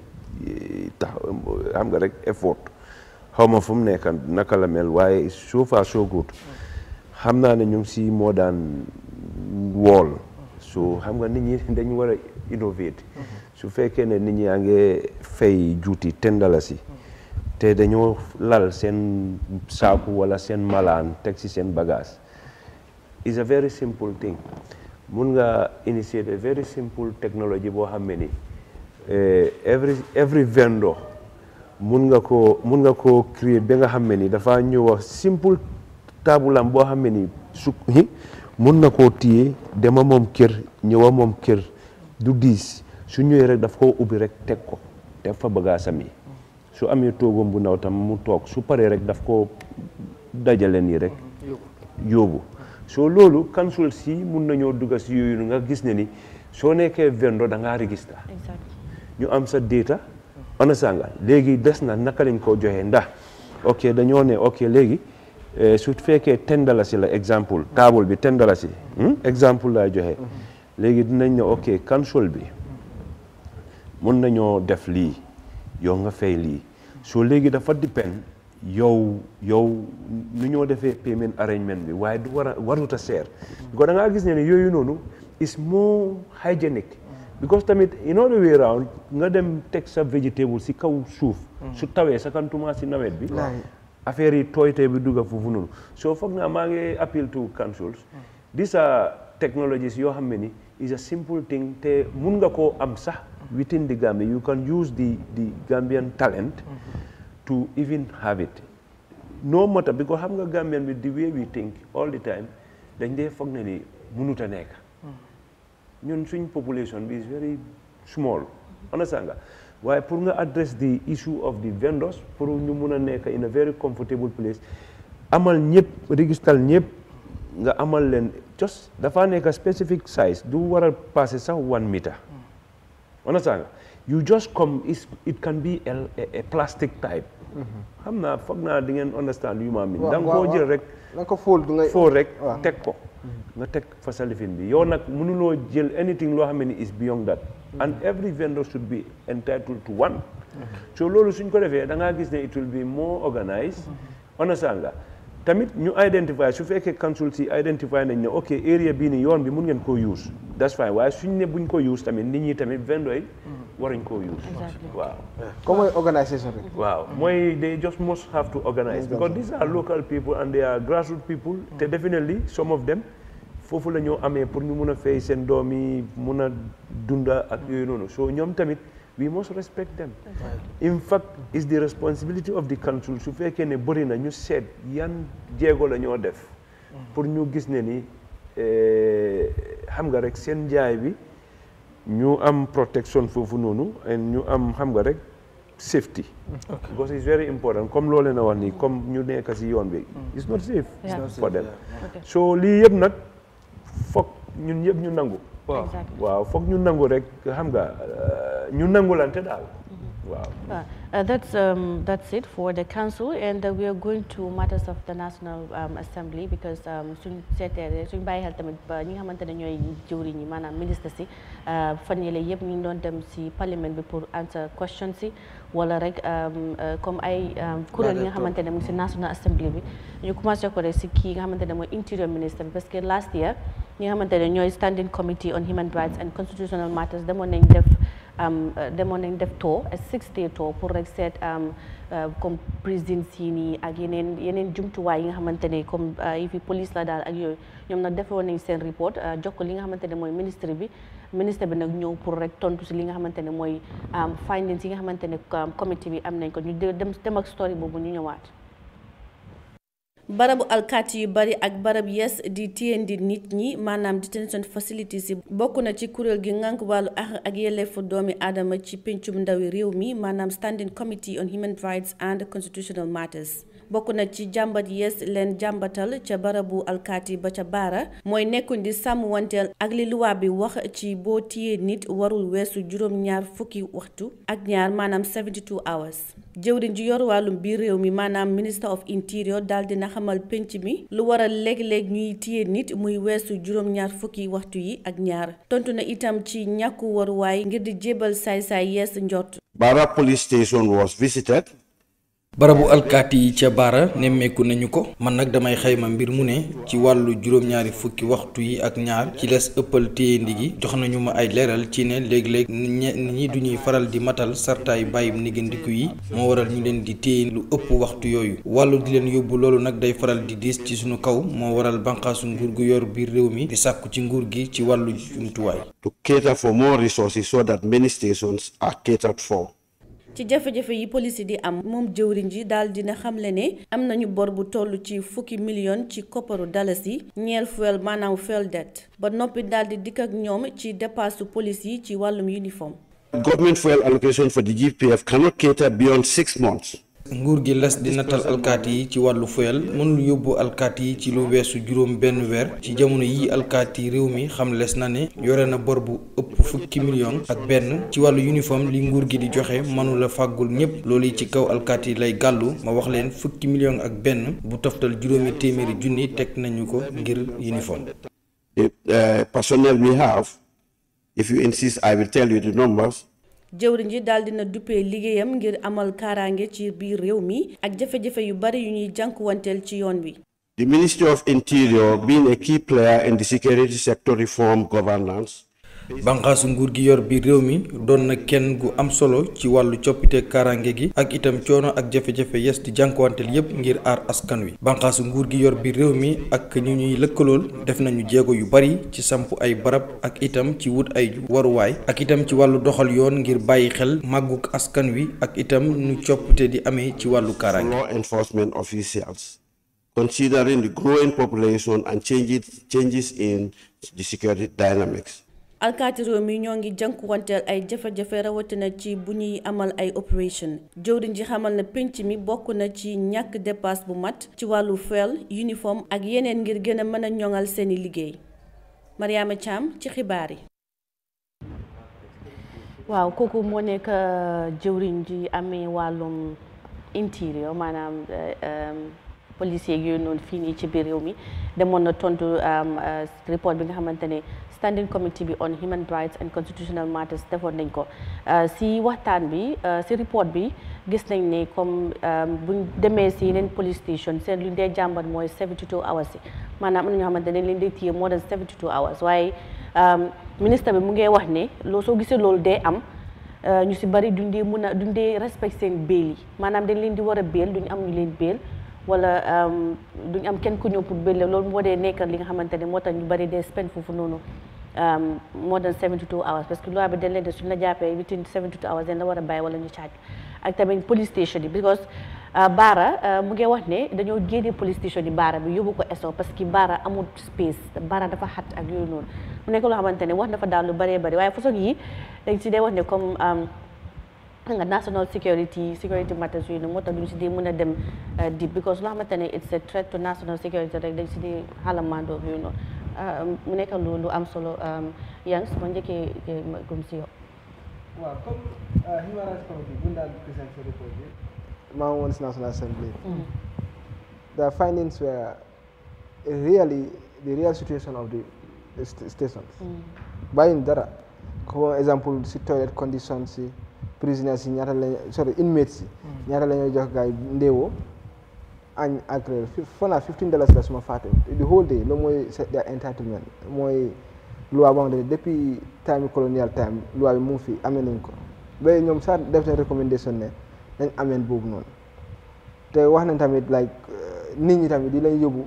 taxaw xam nga rek effort xaw ma fu mu nekk naka la waaye so xam naa ne ñu si moo daan wool so xam nga nit ñi *laughs* dañ war a innovate mm-hmm. su fekkee ne nit ñi a ngi fay juuti tendala si mm-hmm. te dañoo lal sen saaku wala sen malan teg si bagas. bagage is a very simple thing mun nga initiate a very simple technology boo xam ni eh, every every vendor mun nga ko mun nga ko créer nga ni dafa ñëw simple tabulam boo xam ne ni mun na koo téye dema moom kër ñëwa moom kër du diis su ñëwee rek daf koo rek ko fa su amee toogam bu ndaw tam mu toog su paree rek daf ko dajale nii rek yóbbu soo loolu council si mun nañoo dugga si yooyu nga gis ne ni soo nekkee vendor da ngaa register ñu am sa data ana léegi des na naka lañ ko joxee ndax ok dañoo ne ok léegi eh, su fekkee ten si la exemple table bi tendala dalasi hmm, exemple laa joxe mm-hmm. léegi dinañ ne ok council bi mun nañoo def lii yow nga fay lii soo léegi dafa dépend yow nu ñoo defee payment arrangement bi waaye du war a warut a seer because da gis ne ne yooyu noonu is more hygienic because tamit in other way round nga dem teg sa vegetable si kaw suuf su tawee sa kantumaa si nawet bi affaire yi tooyte bi dugga foofu noonu soo foog naa maa ngi appeal to councils these are technologies yoo xam ne ni is a simple thing te mun nga koo am sax within the Gambia, you can use the, the Gambian talent mm -hmm. to even have it. No matter, because having a Gambian with the way we think all the time, then they finally munuta nek. Nyon swing population is very small. Understand? Why pour nga address the issue of the vendors pour ñu mëna in a very comfortable place. Amal ñep register ñep amal len just dafa nek specific size du wara passer out 1 meter. Mm -hmm. understand nga you just come it can be a plastic type. Mm-hmm. xam naa foog naa di ngeen understand yu ma min da nga koo jël rek. da nga ko fold ngay fold rek teg ko. Mm-hmm. nga teg fasalifin bi yow nag mënuloo jël anything loo xam ne is beyond that. Mm-hmm. and every vendor should be entitled to one. so loolu suñ ko defee da ngaa gis ne it will be more organized. understand nga. tamit ñu identify su fekkee council si identify nañ ne ok area bi ni yoon bi mun ngeen koo use that's fine waaye suñ ne buñ ko use tamit nit ñi tamit vendor yi mm-hmm. waruñ koo use waaw comme mooy organisation bi waaw mm-hmm. mooy they just must have to organize because these are local people and they are grassroots people mm-hmm. te definitely some of them foofu la ñoo amee pour ñu mun a fay seen doom yi mun a dunda ak yooyu noonu so ñoom tamit we must respect them. in fact it's the responsibility of the council su fekkee ne bëri na ñu seet yan jéego la def. pour ñu gis ne ni eh, xam nga rek seen njaay bi ñu am protection foofu noonu ñu am xam nga rek safety. because it's very important comme loolee na wax nii comme ñu nekk si yoon bi. Hmm. it's not safe. for them so lii yëpp nag foog ñun yëpp ñu nangu. waaw waaw foog ñu nangu rek xam nga euh, ñu nangulante daal Wow. Uh, uh, that's, um, that's it for the council and uh, we are going to matters of the National um, Assembly because um, suñ seetee suñ the xel tamit ba ñi nga xamante ne ñooy jëwriñ yi uh, answer questions. While wala come, um, uh, comme ay um, National Assembly You come commencé ko the interior Minister because last year we nga xamante ne standing committee on human rights and constitutional matters Uh, demoon nañ def tour six day tour pour rek seet uh, comme prison yi nii ak yeneen yeneen jumtuwaay yi nga xamante ne comme uh, yi fi police la daal ak yooyu ñoom nag defoon nañ seen report jox ko nga xamante ne mooy ministre bi ministre bi nag ñëw pour rek tontu si li nga xamante ne mooy findings yi nga xamante ne um, comité bi am nañ ko ñu dem dem ak story boobu ñu ñëwaat. barabu alkaati yu bari ak barab yes di téyendi nit ñi maanaam detention facilities yi bokk na ci kuréel gi ngànk wàllu àq ak yelleefu doomi aadama ci pencum ndawi réew mi maanaam standing committee on human rights and constitutional matters bokk na ci jàmbat yees leen jàmbatal ca barabu alkaati ba ca baara mooy nekkuñ di sàmm wanteel ak li luwaa bi wax ci boo téyee nit warul weesu juróom-ñaar fukki waxtu ak ñaar maanaam 72 hours jëwriñ ji yor wàllum biir réew mi maanaam minister of interior daal dina xamal pénc mi lu waral léeg-léeg ñuy téye nit muy weesu juróom-ñaar fukki waxtu yi ak ñaar tontu na itam ci ñàkku waruwaay ngir di jébal saay-saay yees njort. Bara police station was visited. barabu alkaati yi ca baara nemmeeku nañu ko man nag damay xayma mbir mu ne ci wàllu juróom-ñaari fukki waxtu yi ak ñaar ci les ëppal téyendi gi jox nañu ma ay leeral ci ne léeg-léeg ñi duñuy faral di matal sartaay bàyyim niggandiku yi moo waral ñu leen di téye lu ëpp waxtu yooyu wàllu di leen yóbbu loolu nag day faral di diis ci suñu kaw moo waral banqaasu nguur gu yor biir réew mi di sàkku ci nguur gi ci wàllu jumtuwaay. To cater for more resources so that many stations are catered for. ci jafe-jafe yi police di am moom jëwriñ ji daal dina xamle ne am nañu bor bu toll ci fukki million ci kopparu dalasi ñeel fuel maanaam fuel debt ba noppi daal di dikk ak ñoom ci dépasse police yi ci wàllum uniforme. Government fuel allocation for the GPF cannot cater beyond six months. nguur gi les di nattal alkaati yi ci wàllu fuyal mënul yóbbu alkaati yi ci lu weesu juróom benn weer ci jamono yi alkaati réew mi xam les na ne yore na bor bu ëpp fukki million ak benn ci wàllu uniforme li nguur gi di joxe mënula fàggul ñépp loolu ci kaw alkaati lay gàllu ma wax leen fukki million ak benn bu toftal juróomi téeméeri junni teg nañu ko ngir uniforme uh, personnel we I jëwriñ ji daal dina duppee liggéeyam ngir amal kaaraange ci biir réew mi ak jafe-jafe yu bari yu ñuy wanteel ci yoon wi. The Ministry of Interior being a key player in the security sector reform governance. banxaasu nguur gi yor biir réew mi doon na kenn gu am solo ci wàllu coppite kaaraange gi ak itam coono ak jafe-jafe yes di jànkuwanteel yépp ngir aar askan wi banxaasu nguur gi yor biir réew mi ak ñu ñuy lëkkalool def nañu jéego yu bari ci samp ay barab ak itam ci wut ay waruwaay ak itam ci wàllu doxal yoon ngir bàyyi xel màggug askan wi ak itam nu coppite di amee ci wàllu considering the growing population and changes changes in the security dynamics. alkaati réew mi ñoo ngi jànkuwanteel ay jafe-jafe rawatina ci bu ñuy amal ay opération jëwriñ ji xamal na pénc mi bokk na ci ñàkk dépasse bu mat ci wàllu feel uniforme ak yeneen ngir gën a mën a ñoŋal seeni liggéey Mariama Thiam ci xibaar yi. waaw kooku moo nekk euh, jëwriñ ji amee wàllum intérieur maanaam. Euh, policier yooyu noonu fii nii ci biir réew mi demoon na tontu euh, report bi nga xamante ne standing committee bi on human rights and constitutional matters defoon nañ ko euh, si waxtaan bi euh, si report bi gis nañ ne comme euh, buñ demee si yeneen police station seen luñ dee jàmbat mooy 72 hours si maanaam am na ñoo xamante ne leen di téye more than 72 hours waaye ministre bi mu ngee wax ne loo soo gisee loolu dee am ñu si bari duñ dee mun a duñ dee respect seen béel yi maanaam dañ leen di war a béel duñ am ñu leen béel wala euh, duñ am kenn ku ñëw pour bële loolu moo dee nekk li nga xamante ne moo tax ñu bari dee spend foofu noonu euh, more than 72 hours parce que loi bi dañ leen de suñ la jàppee between 72 hours dañ la war a bàyyi wala ñu caaj ak tamit police station yi because euh, Baara mu ngi wax ne dañoo génnee police yi Baara bi yóbbu ko eso parce que Baara amul space Baara dafa xat ak yooyu noonu mu nekk loo xamante ne wax na fa daal lu bëree bëri waaye façon yi dañ ci dee wax ne comme nga national security security matters yooyu nag moo tax duñ si di mën dem uh, di because loo xamante it's a threat to national security rek dañ si di xalamandoo yooyu noonu um, mu nekk lu lu am solo um, yaa ngi suma njëkkee eh, gëm si yow. waaw comme uh, human rights committee bu ñu daan présenté report bi maa national assembly. Mm-hmm. the findings were really the real situation of the stations. Mm-hmm. bàyyiñ dara comme exemple si toilet conditions si. prisonniers yi ñaata lañ sorry inmates yi hmm. ñaata la ñoo jox gars yi ndéewoo añ ak reer for naa fifteen dollars la suma faatee the whole day loolu mooy their entitlement mooy loi boo xam ne depuis time colonial time amee nañ ko ba ñoom sax def nañ recommandation ne nañ ameen boobu noonu te wax nañ tamit like euh, nit ñi tamit di lañ yóbbu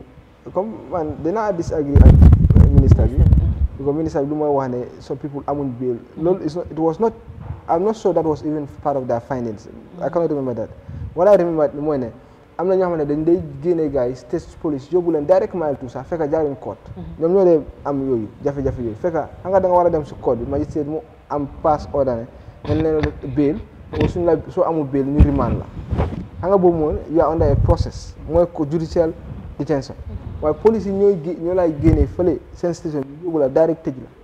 comme man dinaa disagree ak ministre bi parce *laughs* que ministre bi lu mooy wax ne some people amuñ bill loolu it was not I am na ñoo xam ne dañ day génne gars yi state police yóbbu leen directement tout ça fekk jaaruñ court. Mhm. ñoom ñoo dee am yooyu jafe-jafe yooyu fekk xam nga da war a dem si court bi magistrat mu am pass ordonné dañ leen bail suñ la soo amul bail ñu remand la xam nga boobu moom you are under a process mooy ko judicial detention mhm. waaye police ñooy ñoo fële seen station yóbbu la direct tëj la.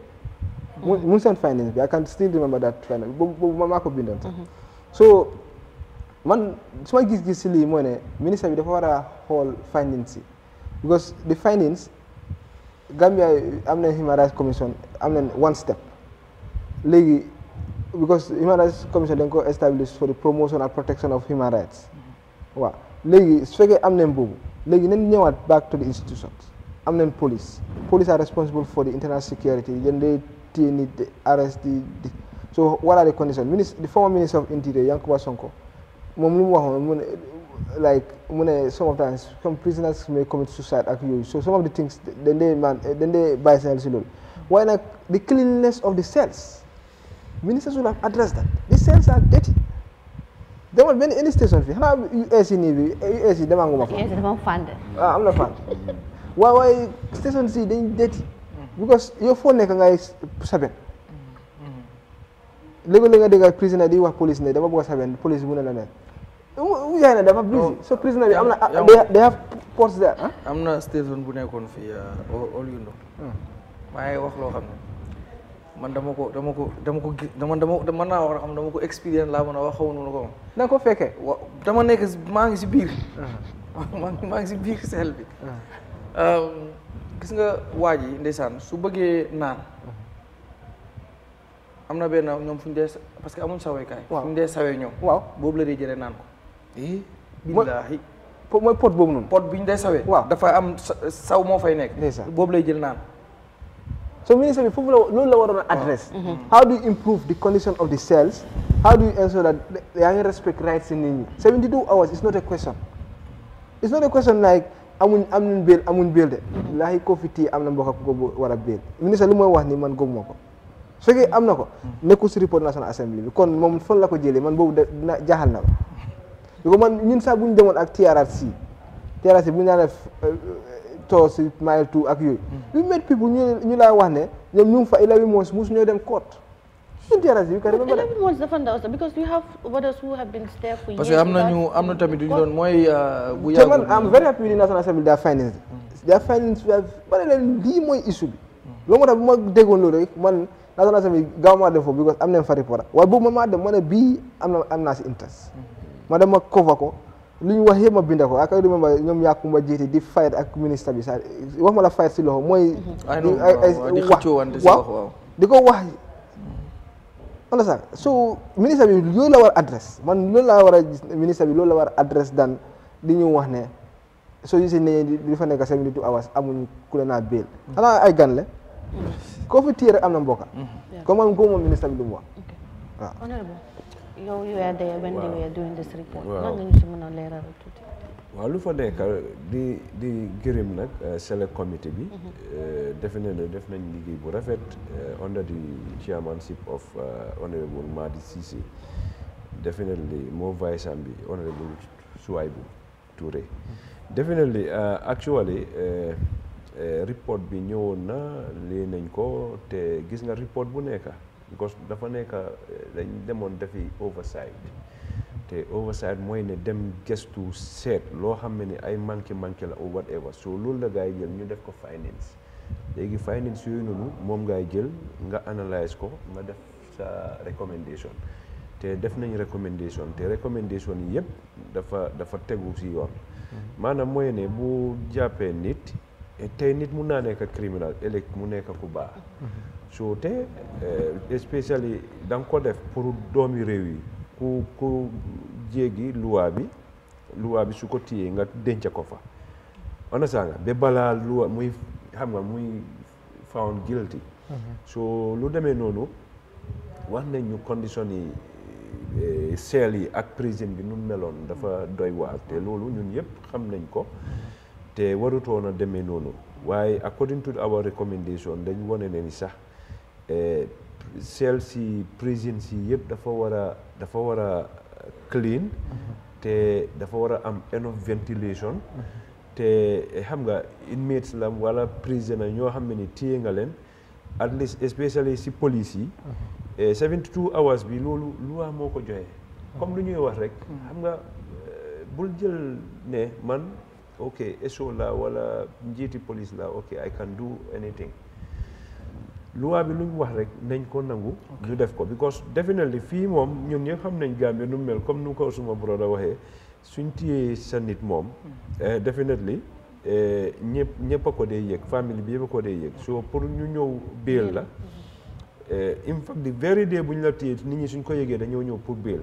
Munsan mm. finance findings, I can still remember that finance boobu maa ko bindoon sax mm-hmm. so man su ma gis-gis si lii moo ne ministre bi findings because the finance Gambia am na human rights commission am na one step léegi because human rights commission dañ ko establish for the promotion and protection of human rights mm-hmm. waaw Legi, su fekkee am nañ boobu léegi nañ ñëwaat back to the institutions am nañ police police are responsible for the internal security then they detained, arrested. So what are the conditions? Minister, the former Minister of Interior, Yankuba Sonko, like mu sometimes some prisoners may commit suicide at you. So some of the things then they man then they buy cells alone. Why not the cleanliness of the cells? Ministers will have addressed that. The cells are dirty. There were many any station fee. How US Navy, US, them are going Why, station C, they dirty. because yow phone nekk ngay saben léegi-léegi nga dégg prisoner di wax police ne dama bëgg a saben police mu ne la neen yaay na dafa busy so prisoner bi am na they have force there am na station bu nekkoon fii ya. all you know maa hmm. ngi wax loo xam ne man dama ko dama ko dama ko gis dama dama mën naa wax xam dama ko expérience laa mën a wax xaw ko na ko fekkee dama nekk maa ngi si biir maa ngi si biir seel bi gis nga waa ji ndeysaan su bëggee naan am na benn ñoom fu ñu dee parce que amuñ saweekaay fu ñu dee sawee ñoom waaw boobu la dee jëlee naan ko eh. mooy pot boobu noonu pot bi ñu dee sawee waaw dafa am saw moo fay nekk boobu lay jël naan so ministre bi foofu la loolu la waroon a adresse mm-hmm. how do you improve the condition of the cells how do you ensure that yaa ngi respect rights si nit seventy two hours is not a question it's not a question like amuñ am nañ béel amuñ béel de laahi koo fi téye am na mbokk ko bu war a béel ministre li mooy wax ni man gëmuma ko su fekkee am na ko nekkul si report national assembly bi kon moom fan la ko jëlee man boobu dina jaaxal na ma ko man ñun sax bu ñu demoon ak TRRC TRRC bu ñu daan def euh, euh, too si mile two ak yooyu mm. lu met people ñu ñu laa wax ne ñoom ñu ngi fa ila bi moos mosu ñoo dem court interest you can que am nañu am na tamit yu ñu mooy. Euh, bu yàgg man am very happy with National Assembly their findings. Mm. their issue bi. Mm. loolu moo tax bu ma déggoon loolu rek man na Assembly gaaw maa dem foofu because am na fa report waaye boobu man maa dem ma ne bii am na interest. Mm. ma dem ma cover ko li ñu wax yëpp ma bind ko ak ay remember ñoom Yakumba Jite di fight ak ministre bi sax wax ma la fight si loxo mooy. Mm-hmm. ay ay di ko wax. wala sax so ministre bi loolu la war adresse man loolu a gis ministre bi loolu la war adresse daan di ñu wax ne soo gisee ne di fa nekk seventy two hours amuñ ku leen a béel mm-hmm. xanaa ay gan la koo fi téye rek am na mbokka mm-hmm. comme man ko moom ministre bi lu mu a waa lu fa nekk di di gërëm nag euh, select comité bi mhm. euh, defe ne def nañ liggéey bu rafet euh, under the chairmanship of honorable Madi Cissé definitely moo vice am bi honorable Suwaybu Touré definitely actually report bi ñëwoon na lii nañ ko te gis nga report bu nekka because dafa nekka dañ demoon defi oversight te oversight mooy ne dem gestu seet loo xam ne ni ay manqué manqué la or whatever so loolu la ngay jël ñu def ko finance léegi finance yooyu noonu moom ngay jël nga analyse ko nga def sa recommendation te def nañ recommendation te recommendation yi yëpp dafa dafa tegu si yoon mm-hmm. maanaam mooy ne bu jàppee nit tey nit mun naa nekk criminal ëllëg mu nekk ku baax mm-hmm. so te eh, especially da nga ko def pour doomi réew yi ku ku jéegi luwaa bi luwaa bi su ko téyee nga denc ko fa ona saa nga ba balaa luwaa muy xam nga muy found guilty mhm. so lu demee noonu wax nañ ñu condition yi eh, seel yi ak prison bi nu meloon dafa doy waar te loolu ñun yëpp xam nañ ko te warutoon a demee noonu waaye according to our recommendation dañ wane ne ni sax eh, cells yi prisons yi yëpp dafa war a dafa war a uh, clean mm-hmm. te dafa war a am enough ventilation mm-hmm. te eh, xam nga inmates la wala prisonniers ñoo xam ne ni téye nga leen at least especially si police yi 72 mm-hmm. eh, hours bi loolu loi moo ko joxe comme lu ñuy wax rek xam nga eh, bul jël ne man ok SO la wala njiiti police la ok I can do anything loi bi lu ñu wax rek nañ ko nangu. ñu def ko because definitely fii moom ñoom ñëpp xam nañ Gambia nu mel comme nu ko suma broda waxee suñ téyee sa nit moom. Hmm. Eh, definitely eh, ñëpp ñëpp a ko dee yëg famille bi yëpp ko dee yëg so pour ñu ñëw béel la. Hmm. Eh, in fact the very day bu ñu la téye nit ñi suñ ko yëgee dañoo ñëw pour béel.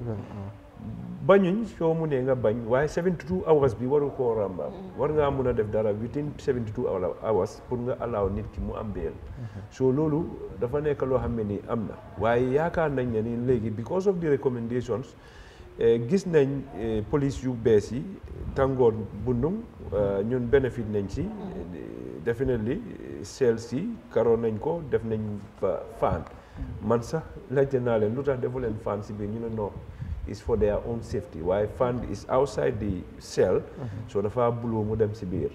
bañuñ soo mu nee nga bañ waaye 72 hours bi waru koo ràmba mm-hmm. war ngaa mun a def dara within 72 hours pour nga alaaw nit ki mu am béel mm-hmm. so loolu dafa nekk loo xam ne ni am na waaye yaakaar nañ ne ni léegi because of the recommendations eh, gis nañ eh, police yu bees yi tàngoor bundung eh, ñun bénéfice nañ si mm-hmm. definitely seel si karoon nañ ko def nañ fa faan man sax laajte naa leen lu tax defu leen faan si biir ñu ne noonu is for their own safety Why fund is outside the cell mhm. so the buloo blue modem severe.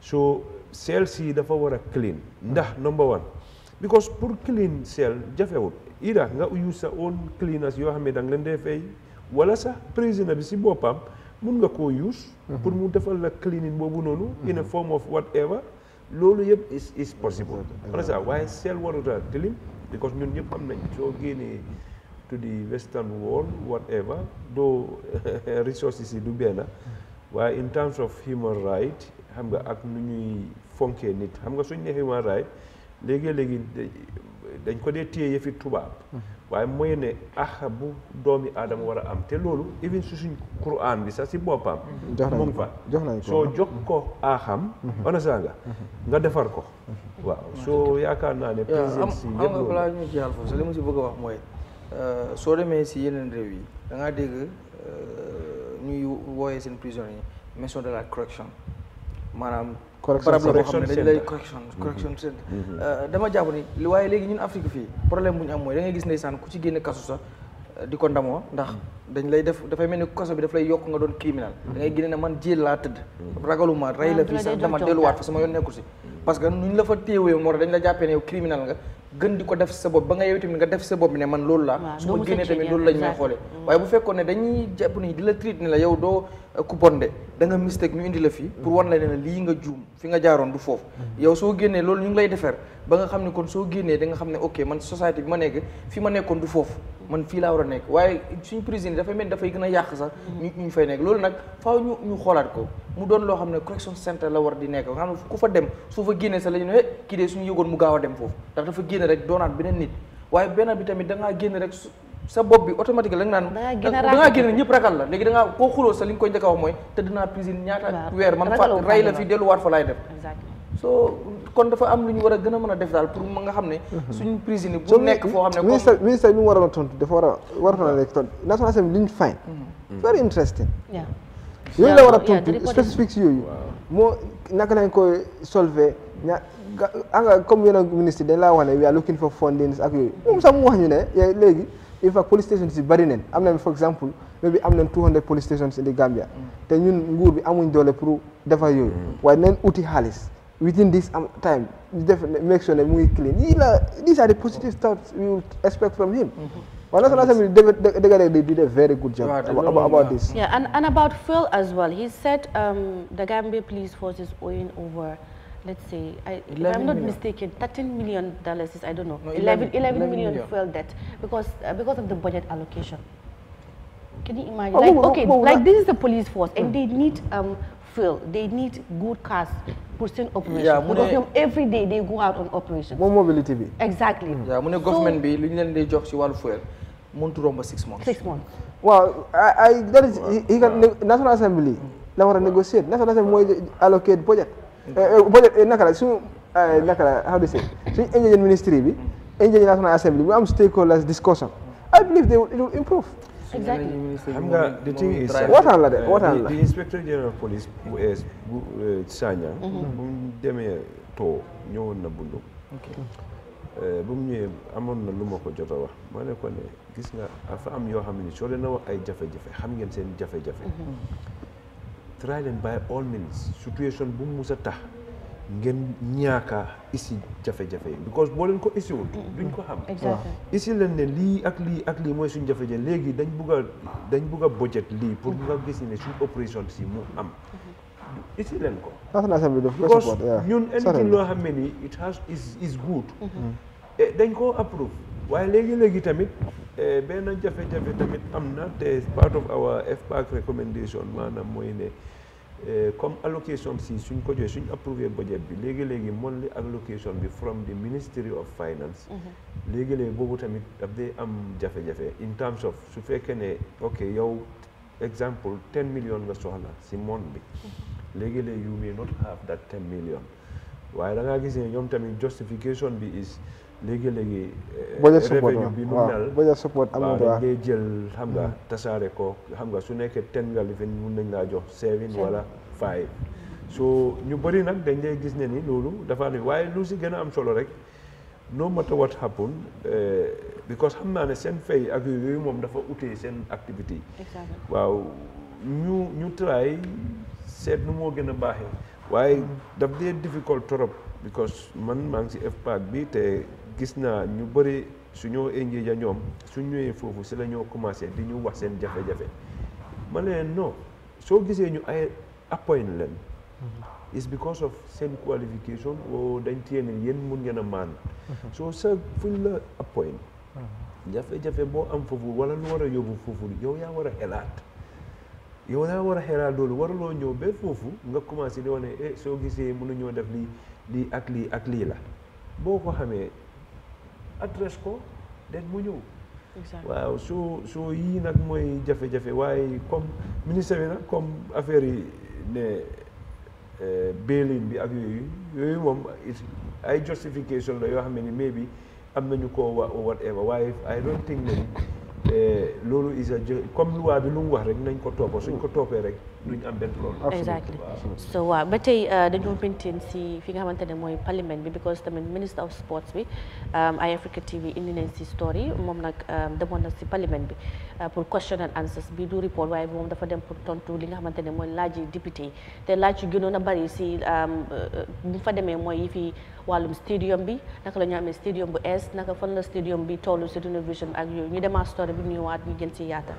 so cell yi the war clean dah mhm. number one because pour clean cell jafewut ida nga use sa own cleaners yoo xam ne danga leen dee fay wala sax prisoner bi si boppam use mhm. pour mu defal cleaning boobu in a form of whatever loolu yëpp is is possible parce why cell waruta tilim because ñun ñëpp xam nañ to the Western world, whatever, though *laughs* resources du benn waaye in terms of human right xam nga ak nu ñuy fonkee nit xam nga human right legi-legi, dañ ko dee téye yëfi tubaab waaye ahabu domi adam wara am te even susun Quran bisa sax si boppam mu ngi fa soo jox ko axam mhm. onasa nga mhm. nga defar ko mhm. waaw so yaakaar naa ne ya, président si yëpp loolu am nga balaa ñu jeexal si bëgg a wax Euh, soo demee si yeneen réew yi da ngaa dégg euh, ñuy wooyee seen prisonniers maison de la correction maanaam. correction problème boo xam ne dañu lay correction mm-hmm. mm-hmm. euh, waaye léegi ñun Afrique fii problème bu ñu am mooy da ngay gis ndeysaan ku ci génne kasu sax di ko ndamoo ndax mm. dañ lay def dafay mel ni kaso bi daf lay yokk nga doon criminal da ngay mm-hmm. génne ne man jéel laa tëdd ragaluma rey la ah, fii sax dama delluwaat fa sama yoon nekkul si parce que nuñ la fa téewee moo tax dañ la jàppee ne criminal nga gën di ko def sa bopp ba nga yow tamit nga def sa bopp ne man loolu la su ma génnee tamit loolu lañ may xoole waaye bu fekkoon ne dañuy jàpp ni di la traité ne la yow doo ku bon de da nga mistake ñu indi la fii pour wan la ne lii nga juum fi nga jaaroon du foofu yow soo génnee loolu ñu ngi lay defar ba nga xam ne kon soo génnee danga xam ne ok man société bi ma nekk fi ma nekkoon du foofu man fii laa war a nekk waaye suñ prison yi dafay mel dafay gën a yàq sax ñu ñu fay nekk loolu nag faaw ñu ñu xoolaat ko mu doon loo xam ne correction centre la war di nekk nga xam ne ku fa dem soo fa génnee sax la ñu ne eh, kii dee suñu yëgoon mu gaaw a dem foofu ndax dafa génne rek doonaat beneen nit waaye beneen bi tamit da génne rek sa bopp bi automatique la naan da ngaa génn ñëpp ragal la léegi da ngaa koo xuloo sa li nga koy njëkk a wax mooy tëdd naa piscine ñaata weer man fa rey la fi delluwaat fa laay def soo kon dafa am lu ñu war a gën a mën a def daal pour nga xam ne mhm. suñu prisonnier bu nekk foo xam ne ministre ministre bi mu war a tontu dafa war a waroon a nekk tontu national assembly li ñu fine mhm. very interesting yooyu la war a tontu spécifique moo naka lañ koy solver ña ah nga comme yeneen ministre dañ laa wax ne we are looking for fundings ak yooyu moom sax mu wax ñu ne eh, léegi in fact police stations yi bari neen am nañ for example maybe am nañ 200 police stations in the Gambia mm. te ñun nguur bi amuñ doole pour defar yooyu mm. waaye nañ uti xaalis within this um, time ñu def make sure ne mu ngi clean yii la these are the positive thoughts we will expect from him Well, National Assembly, they, did a very good job right, about, about, about, this. Yeah, and, and about Phil as well. He said um, the Gambia Police Force is owing over let's say, I, if I'm not million. mistaken, 13 million dollars is, I don't know, no, 11, 11, 11 million, million fuel debt because, uh, because of the budget allocation. Can you imagine? Oh, like, oh, okay, oh, like this is the police force mm. and hmm. they need um, fuel, they need good cars, pursuing operation. Yeah, because every day they go out on operation. More mobility. Be. Exactly. Mm. Yeah, when the government so, be, they jobs, you want fuel, month to for six months. Six months. Well, I, I that is, he, he can, National Assembly, mm. they want to negotiate. National Assembly allocate budget. Eh, eh, projet eh, naka la suñu naka la how to say suñu engineering ministry bi engineering national assembly mu am stakeholders discussion I believe they will, it will improve exactly xam nga the thing la de waxtaan la the inspector general police bu Sanya mhm. bu mu demee too ñëwoon na bundu bu mu ñëwee amoon na lu ma ko jot a wax ma ko ne gis nga dafa am yoo xam ne soo leen na wax ay jafe-jafe xam ngeen seen jafe-jafe mhm. try leen by all means situation bu mu musa tax ngeen ñaaka isi jafe-jafe yi because boo leen ko isiwul duñ ko xam isi leen ne lii ak lii ak lii mooy suñ jafe-jafe léegi dañ bugg a dañ bugg a budget pour nga gis ne suñ opération si mu am isi leen ko la ñun anything loo xam ne nii it has is is good mhm. eh, dañ koo approve waaye léegi-léegi tamit eh, benn jafe-jafe tamit am na te part of our FPAC recommendation maanaam mooy ne eh, comme allocation si suñ ko joxee suñ approuvé budget bi léegi-léegi monthly allocation bi from the Ministry of Finance mm-hmm. léegi-léegi boobu tamit daf dee am jafe-jafe in terms of su fekkee ne ok yow example 10 million nga soxla si mone bi mm-hmm. léegi-léegi you may not have that 10 million waaye da ngaa gis ne ñoom tamit justification bi is léegi léegi. Euh, budget support revenu bi nu mel budget support amul jël xam nga hmm. tasaare ko xam nga su nekkee ten nga li mun nañ laa jox seven wala five so ñu bëri nag dañ lay gis ne ni loolu dafa ne waaye lu si gën a am solo rek no matter what happen euh, because xam naa ne seen fay ak yooyu moom dafa ute seen activité waaw ñu ñu try seet nu moo gën a baaxee waaye hmm. daf dee difficult trop because man maa ngi si FPAC bi te gis naa ñu bëri su ñoo Ngeja ñoom su ñëwee foofu si lañoo ñoo commencé di ñu wax seen jafe-jafe ma ne no soo gisee ñu ay appoint leen mm-hmm. is because of seen qualification o dañ téye ne mun ngeen a maan mm-hmm. soo sa fuñ la appoint mm-hmm. jafe-jafe boo am foofu wala lu war a yóbbu foofu yow yaa war a xelaat yow yaa war a xelaat loolu waraloo ñëw ba foofu nga commencé di wane eh soo gisee mënuñoo def lii lii ak lii ak lii la boo ko xamee adresse ko den mu ñëw waaw so so yii nag mooy jafe-jafe waaye comme ministère bi nag comme affaire yi ne euh, bail bi ak yooyu yooyu moom ay justification la yoo xam ne ni mais bi am nañu koo wa whatever waaye I don't think ne euh, loolu is a comme loi bi lu mu wax rek nañ ko toppa suñ ko toppee rek duñ am benn exactly so waaw ba tey euh, dañoo maintain si fi nga xamante ne mooy parliament bi because tamit minister of sports bi um, ay Africa TV indi nañ si story moom nag um, demoon na si parliament bi euh, pour question and answers bi du report waaye moom dafa dem pour tontu li nga xamante ne mooy laaj yi député yi te laaj yu gënoon a bari si um, euh, bu fa demee mooy yi fi wàllum stadium bi naka la ñu amee stadium bu es naka fan la stadium bi tollu si rénovation ak yooyu ñu demaat story bi ñëwaat ñu gën si yaata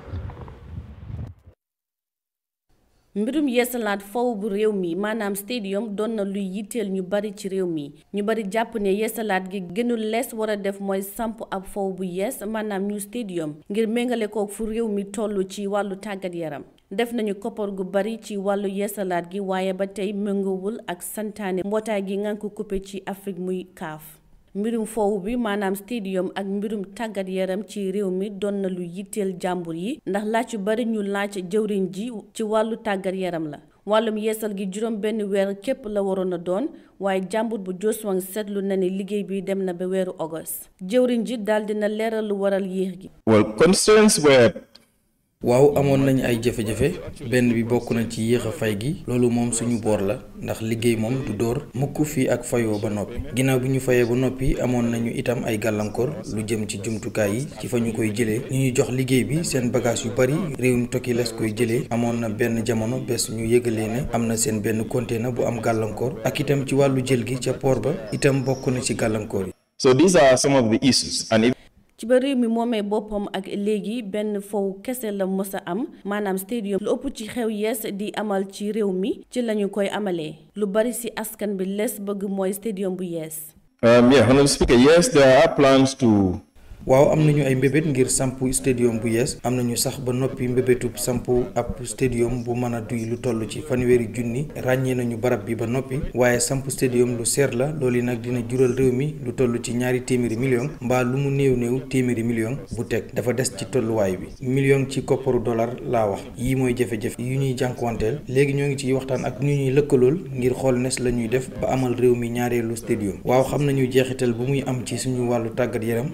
mbirum yeesalaat faw bu réew mi maanaam stadium doon na luy yitteel ñu bari ci réew mi ñu bari jàpp ne yeesalaat gi gënul lees war a def mooy samp ab faw bu yees maanaam ñu stadium ngir méngale ko fu réew mi toll ci wàllu tàggat yaram def nañu koppar gu bari ci wàllu yeesalaat gi waaye ba tey méngoowul ak santaane mbootaay gi ngan ko coupé ci Afrique muy kaaf mbirum foowu bi maanaam stadium ak mbirum tàggat yaram ci réew mi doon na lu yitteel jàmbur yi ndax laaj yu bari ñu laaj jëwriñ ji ci wàllu tàggat yaram la wàllum yeesal gi juróom benn weer képp la waroon a doon waaye jàmbur bu Joswang seetlu na ne liggéey bi dem na ba weeru ogos jëwriñ ji daal na leeral lu waral yéex gi. waaw amoon nañu ay jafe-jafe benn bi bokk na ci yéex a fay gi loolu moom suñu boor la ndax liggéey moom du dóor mukk fii ak fayoo ba noppi ginnaaw bi ñu fayee ba noppi amoon nañu itam ay gàllankoor lu jëm ci jumtukaay yi ci fa ñu koy jëlee ñu ñu jox liggéey bi seen bagasu yu bari réewum Toki les koy jëlee amoon na benn jamono bés ñu yëgalee ne am na seen benn bu am gàllankoor ak itam ci wàllu jël gi ca ba itam bokk na ci gàllankoor yi. So these are some of the issues ci ba réew mi moomee boppam ak léegi benn fow kese la mës a am maanaam stadium lu ëpp ci xew yees di amal ci réew mi ci lañu koy amalee lu bari ci askan bi lees bëgg mooy stadium bu yees. Euh, waaw am nañu ay mbébét ngir samp stadium bu yees am na ñu sax ba noppi mbébétu samp ab stadium bu mën a duy lu toll ci fanweeri junni ràññee nañu barab bi ba noppi waaye samp stadium lu seer la loolu nag dina jural réew mi lu toll ci ñaari téeméeri million mbaa lu mu néew néew téeméeri million bu teg dafa des ci tolluwaay bi million ci kopparu dollar laa wax yii mooy jafe-jafe yu ñuy jànkuwanteel léegi ñoo ngi ciy waxtaan ak ñu ñuy lëkkalool ngir xool nes la ñuy def amal réew mi ñaareelu stadium waaw xam nañu jeexital bu muy am ci suñu wàllu tàggat yaram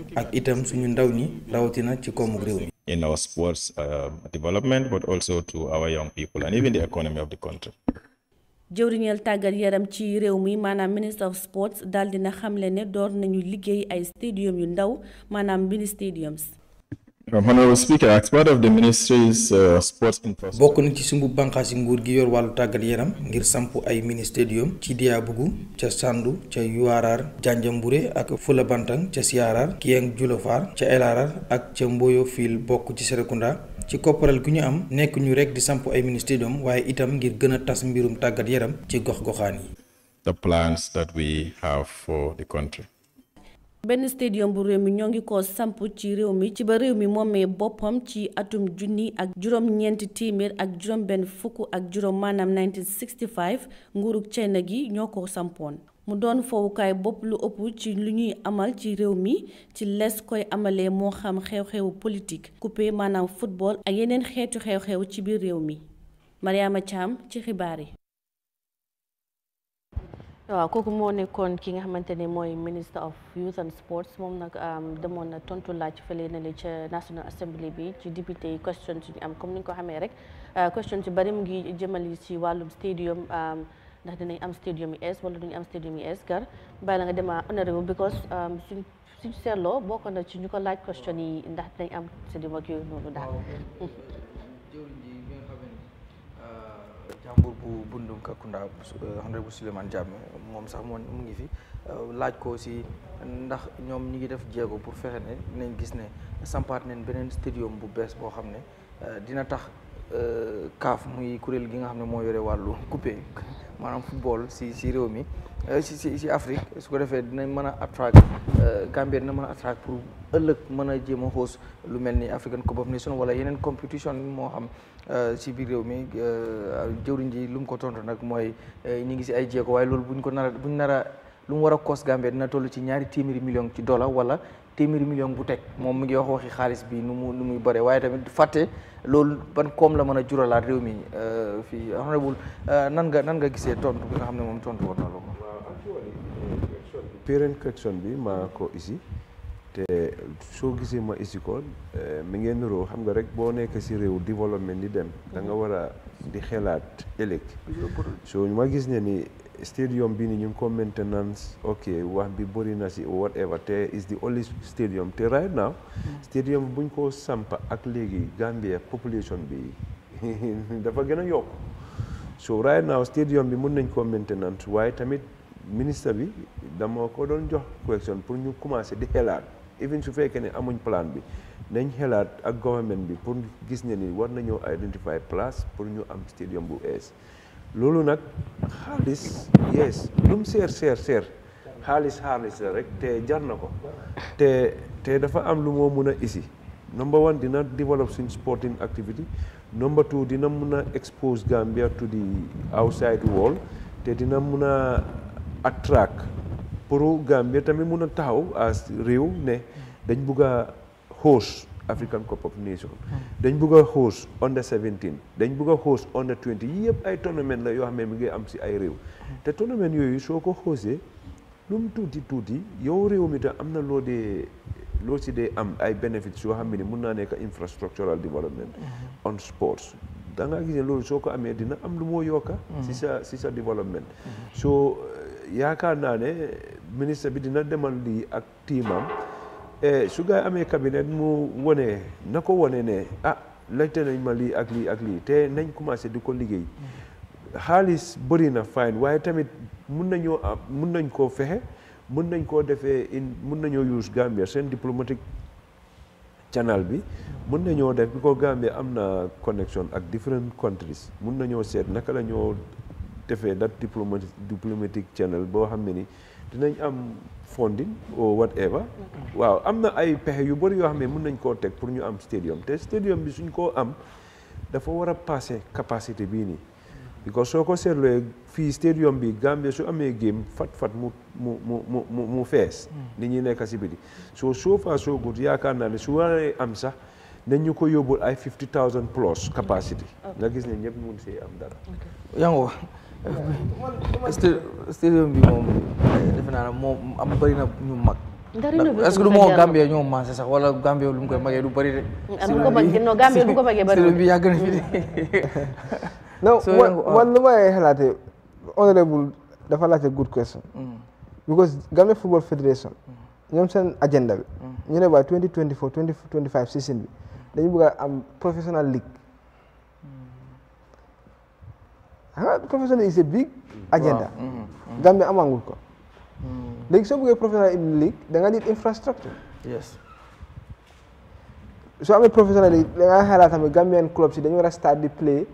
suñu ndaw ñi rawatina ci koomu réew mi. in our sports uh, development jëwriñal tàggat yaram ci réew mi maanaam ministre of sports daal dina xamle ne door nañu liggéey ay stadium yu ndaw maanaam mini stadiums. Honorable Speaker, as of the ministry's uh, sports infrastructure. bokk na ci sumbu bànqaasi nguur gi yor wàllu tàggat yaram ngir samp ay mini stadium ci Diabougou ca Sandu ca Yuwaraar Janjambure ak Fulabantang ca Siaraar Kieng Julofar ca Elaraar ak ca Mboyo Fil bokk ci Serekunda ci kopparal gu ñu am nekk ñu rek di sampu ay mini stadium waaye itam ngir gën a tas mbirum tàggat yaram ci gox goxaan yi. The plans that we have for the country. benn stadium bu réew mi ñoo ngi ko samp ci réew mi ci ba réew mi moomee boppam ci atum junni ak juróom ñeenti téeméer ak juróom benn fukk ak juróom maanaam 1965 nguurug Chine gi ñoo ko sampoon mu doon fowukaay bopp lu ëpp ci lu ñuy amal ci réew mi ci les koy amalee moo xam xew-xewu politique coupé maanaam football ak yeneen xeetu xew-xew ci biir réew mi Mariama Thiam ci xibaar yi waaw kooku moo nekkoon ki nga xamante ne mooy of youth and sports Mom, nag um, demoon na tontu laaj fële na li ca national assembly bi ci député question ci am comme ni ko xamee rek euh, question ci bari mu ngi jëmali ci wàllum stadium um, ndax dinañ am stadium yi es wala duñu am stadium yi es gar bàyyi nga dema honorable because um, suñ suñ seetloo bokk na ci ñu ko laaj question yi ndax dinañ am stadium ak yooyu noonu daal *laughs* chambour bu bundum Kakunda honorable eh, Souleymane Diame moom sax moo ngi fi eh, laaj ko si ndax ñoom ñi ngi def jéego pour fexe ne nañ gis ne sampaat neen beneen stadium bu bees boo xam ne eh, dina tax Euh, CAF muy kuréel gi nga xam ne moo yore wàllu coupé maanaam football si si réew mi euh, si si si Afrique su ko defee dinañ mën a attract euh, Gambie dina mën a attract pour ëllëg mën a jéem a lu mel ni African Cup of Nations wala yeneen compétition moo xam si biir réew mi jëwriñ ji lu mu ko tontu nag mooy ñu ngi si ay jéego waaye loolu buñ ko nar buñ nar a lu mu war a koos Gambie dina toll ci ñaari téeméeri million ci dollar wala téeméeri million bu teg moom mu ngi wax waxi xaalis bi nu mu nu muy bëre waaye tamit fàtte loolu ban koom la mën a juralaat réew mi euh, fii honorable euh, nan nga nan nga gisee tontu bi nga xam ne moom tontu woon na la ko. parent question bi ma ko isi te soo gisee ma isi ko euh, mi ngeen niroo xam nga rek boo nekk si réew développement di dem da nga war a di xelaat ëllëg soo ma gis ne ni stadium bi ni ñu ngi ko maintenance ok wax bi bëri na si whatever te is the only stadium te right now mm. stadium buñ ko samp ak léegi Gambia population bi *laughs* dafa gën a yokk so right now stadium bi mun nañ ko maintenance waaye tamit ministre bi dama ko doon jox question pour ñu commencer di xelaat even su fekkee ne amuñ plan bi nañ xelaat ak government bi pour gis ne ni war nañoo identify place pour ñu am stadium bu ees Lulu nak halis yes belum share share share halis halis direct rek te jar te te dafa am lu moo mun isi number one dina develop sin sporting activity number two dina mun expose Gambia to the outside world te dina mun a attract pour Gambia tamit mun a as Rio ne dañ juga host African Cup of Nations dañ bugg a host under 17 dañ bugg a host under 20 yëpp ay tournament la yoo xam ne mi am si ay réew te tournament yooyu soo ko hosee lu mu tuuti tuuti yow réew mi tam am na loo dee loo si dee am ay bénéfices yoo xam ne mun naa nekk infrastructural development on sports da ngaa gisee loolu soo ko amee dina am lu moo yokka si sa si sa développement yaakaar naa ne ministre bi dina demal lii ak tiimam Eh, su gaa amee cabinet mu wone na ko wone ne ah laajte nañ ma lii ak lii ak lii te nañ commencé di ko liggéey xaalis bëri na fine waaye tamit mun nañoo am mun nañ koo fexe mun nañ koo defee in mun nañoo use Gambia seen diplomatique channel bi mun nañoo def bi ko Gambia am na connection ak different countries mun nañoo seet naka la ñoo defee dat diplomatique channel boo xam ne ni dinañ am funding or whatever waaw am na ay pexe yu bëri yoo xam ne mun nañ koo teg pour ñu am stadium te stadium bi suñ koo am dafa war a passé capacité bii nii because soo ko seetlee fii stadium bi Gambia su amee game fat fat mu mu mu mu mu fees nit ñi nekk si biti soo soo faa soo gut yaakaar naa ne su waree am sax nañ ñu ko yóbbul ay fifty thousand plus capacity nga gis ne ñëpp mun see am dara yaa stadium bi moom def naa ne moom am bëri na ñu mag. est-ce que du moo Gambie ñoo maase sax wala Gambie lu mu koy magee du bëri de. du ko mag non magee bëri na fi de. *laughs* non man lu may xalaatee honorable dafa laajte good question. Mm. because Gambia Football Federation. Mm. ñoom seen agenda bi. Mm. ñu ne waa 2024 2025 season bi dañu bëgg a am professional league. professionnel is a big hmm. agenda Gambia amangul ko léegi soo bëggee professionnel in league da nga nit infrastructure yes So amee professionnel yi da nga xalaat tamit Gambian club si dañu war a start di play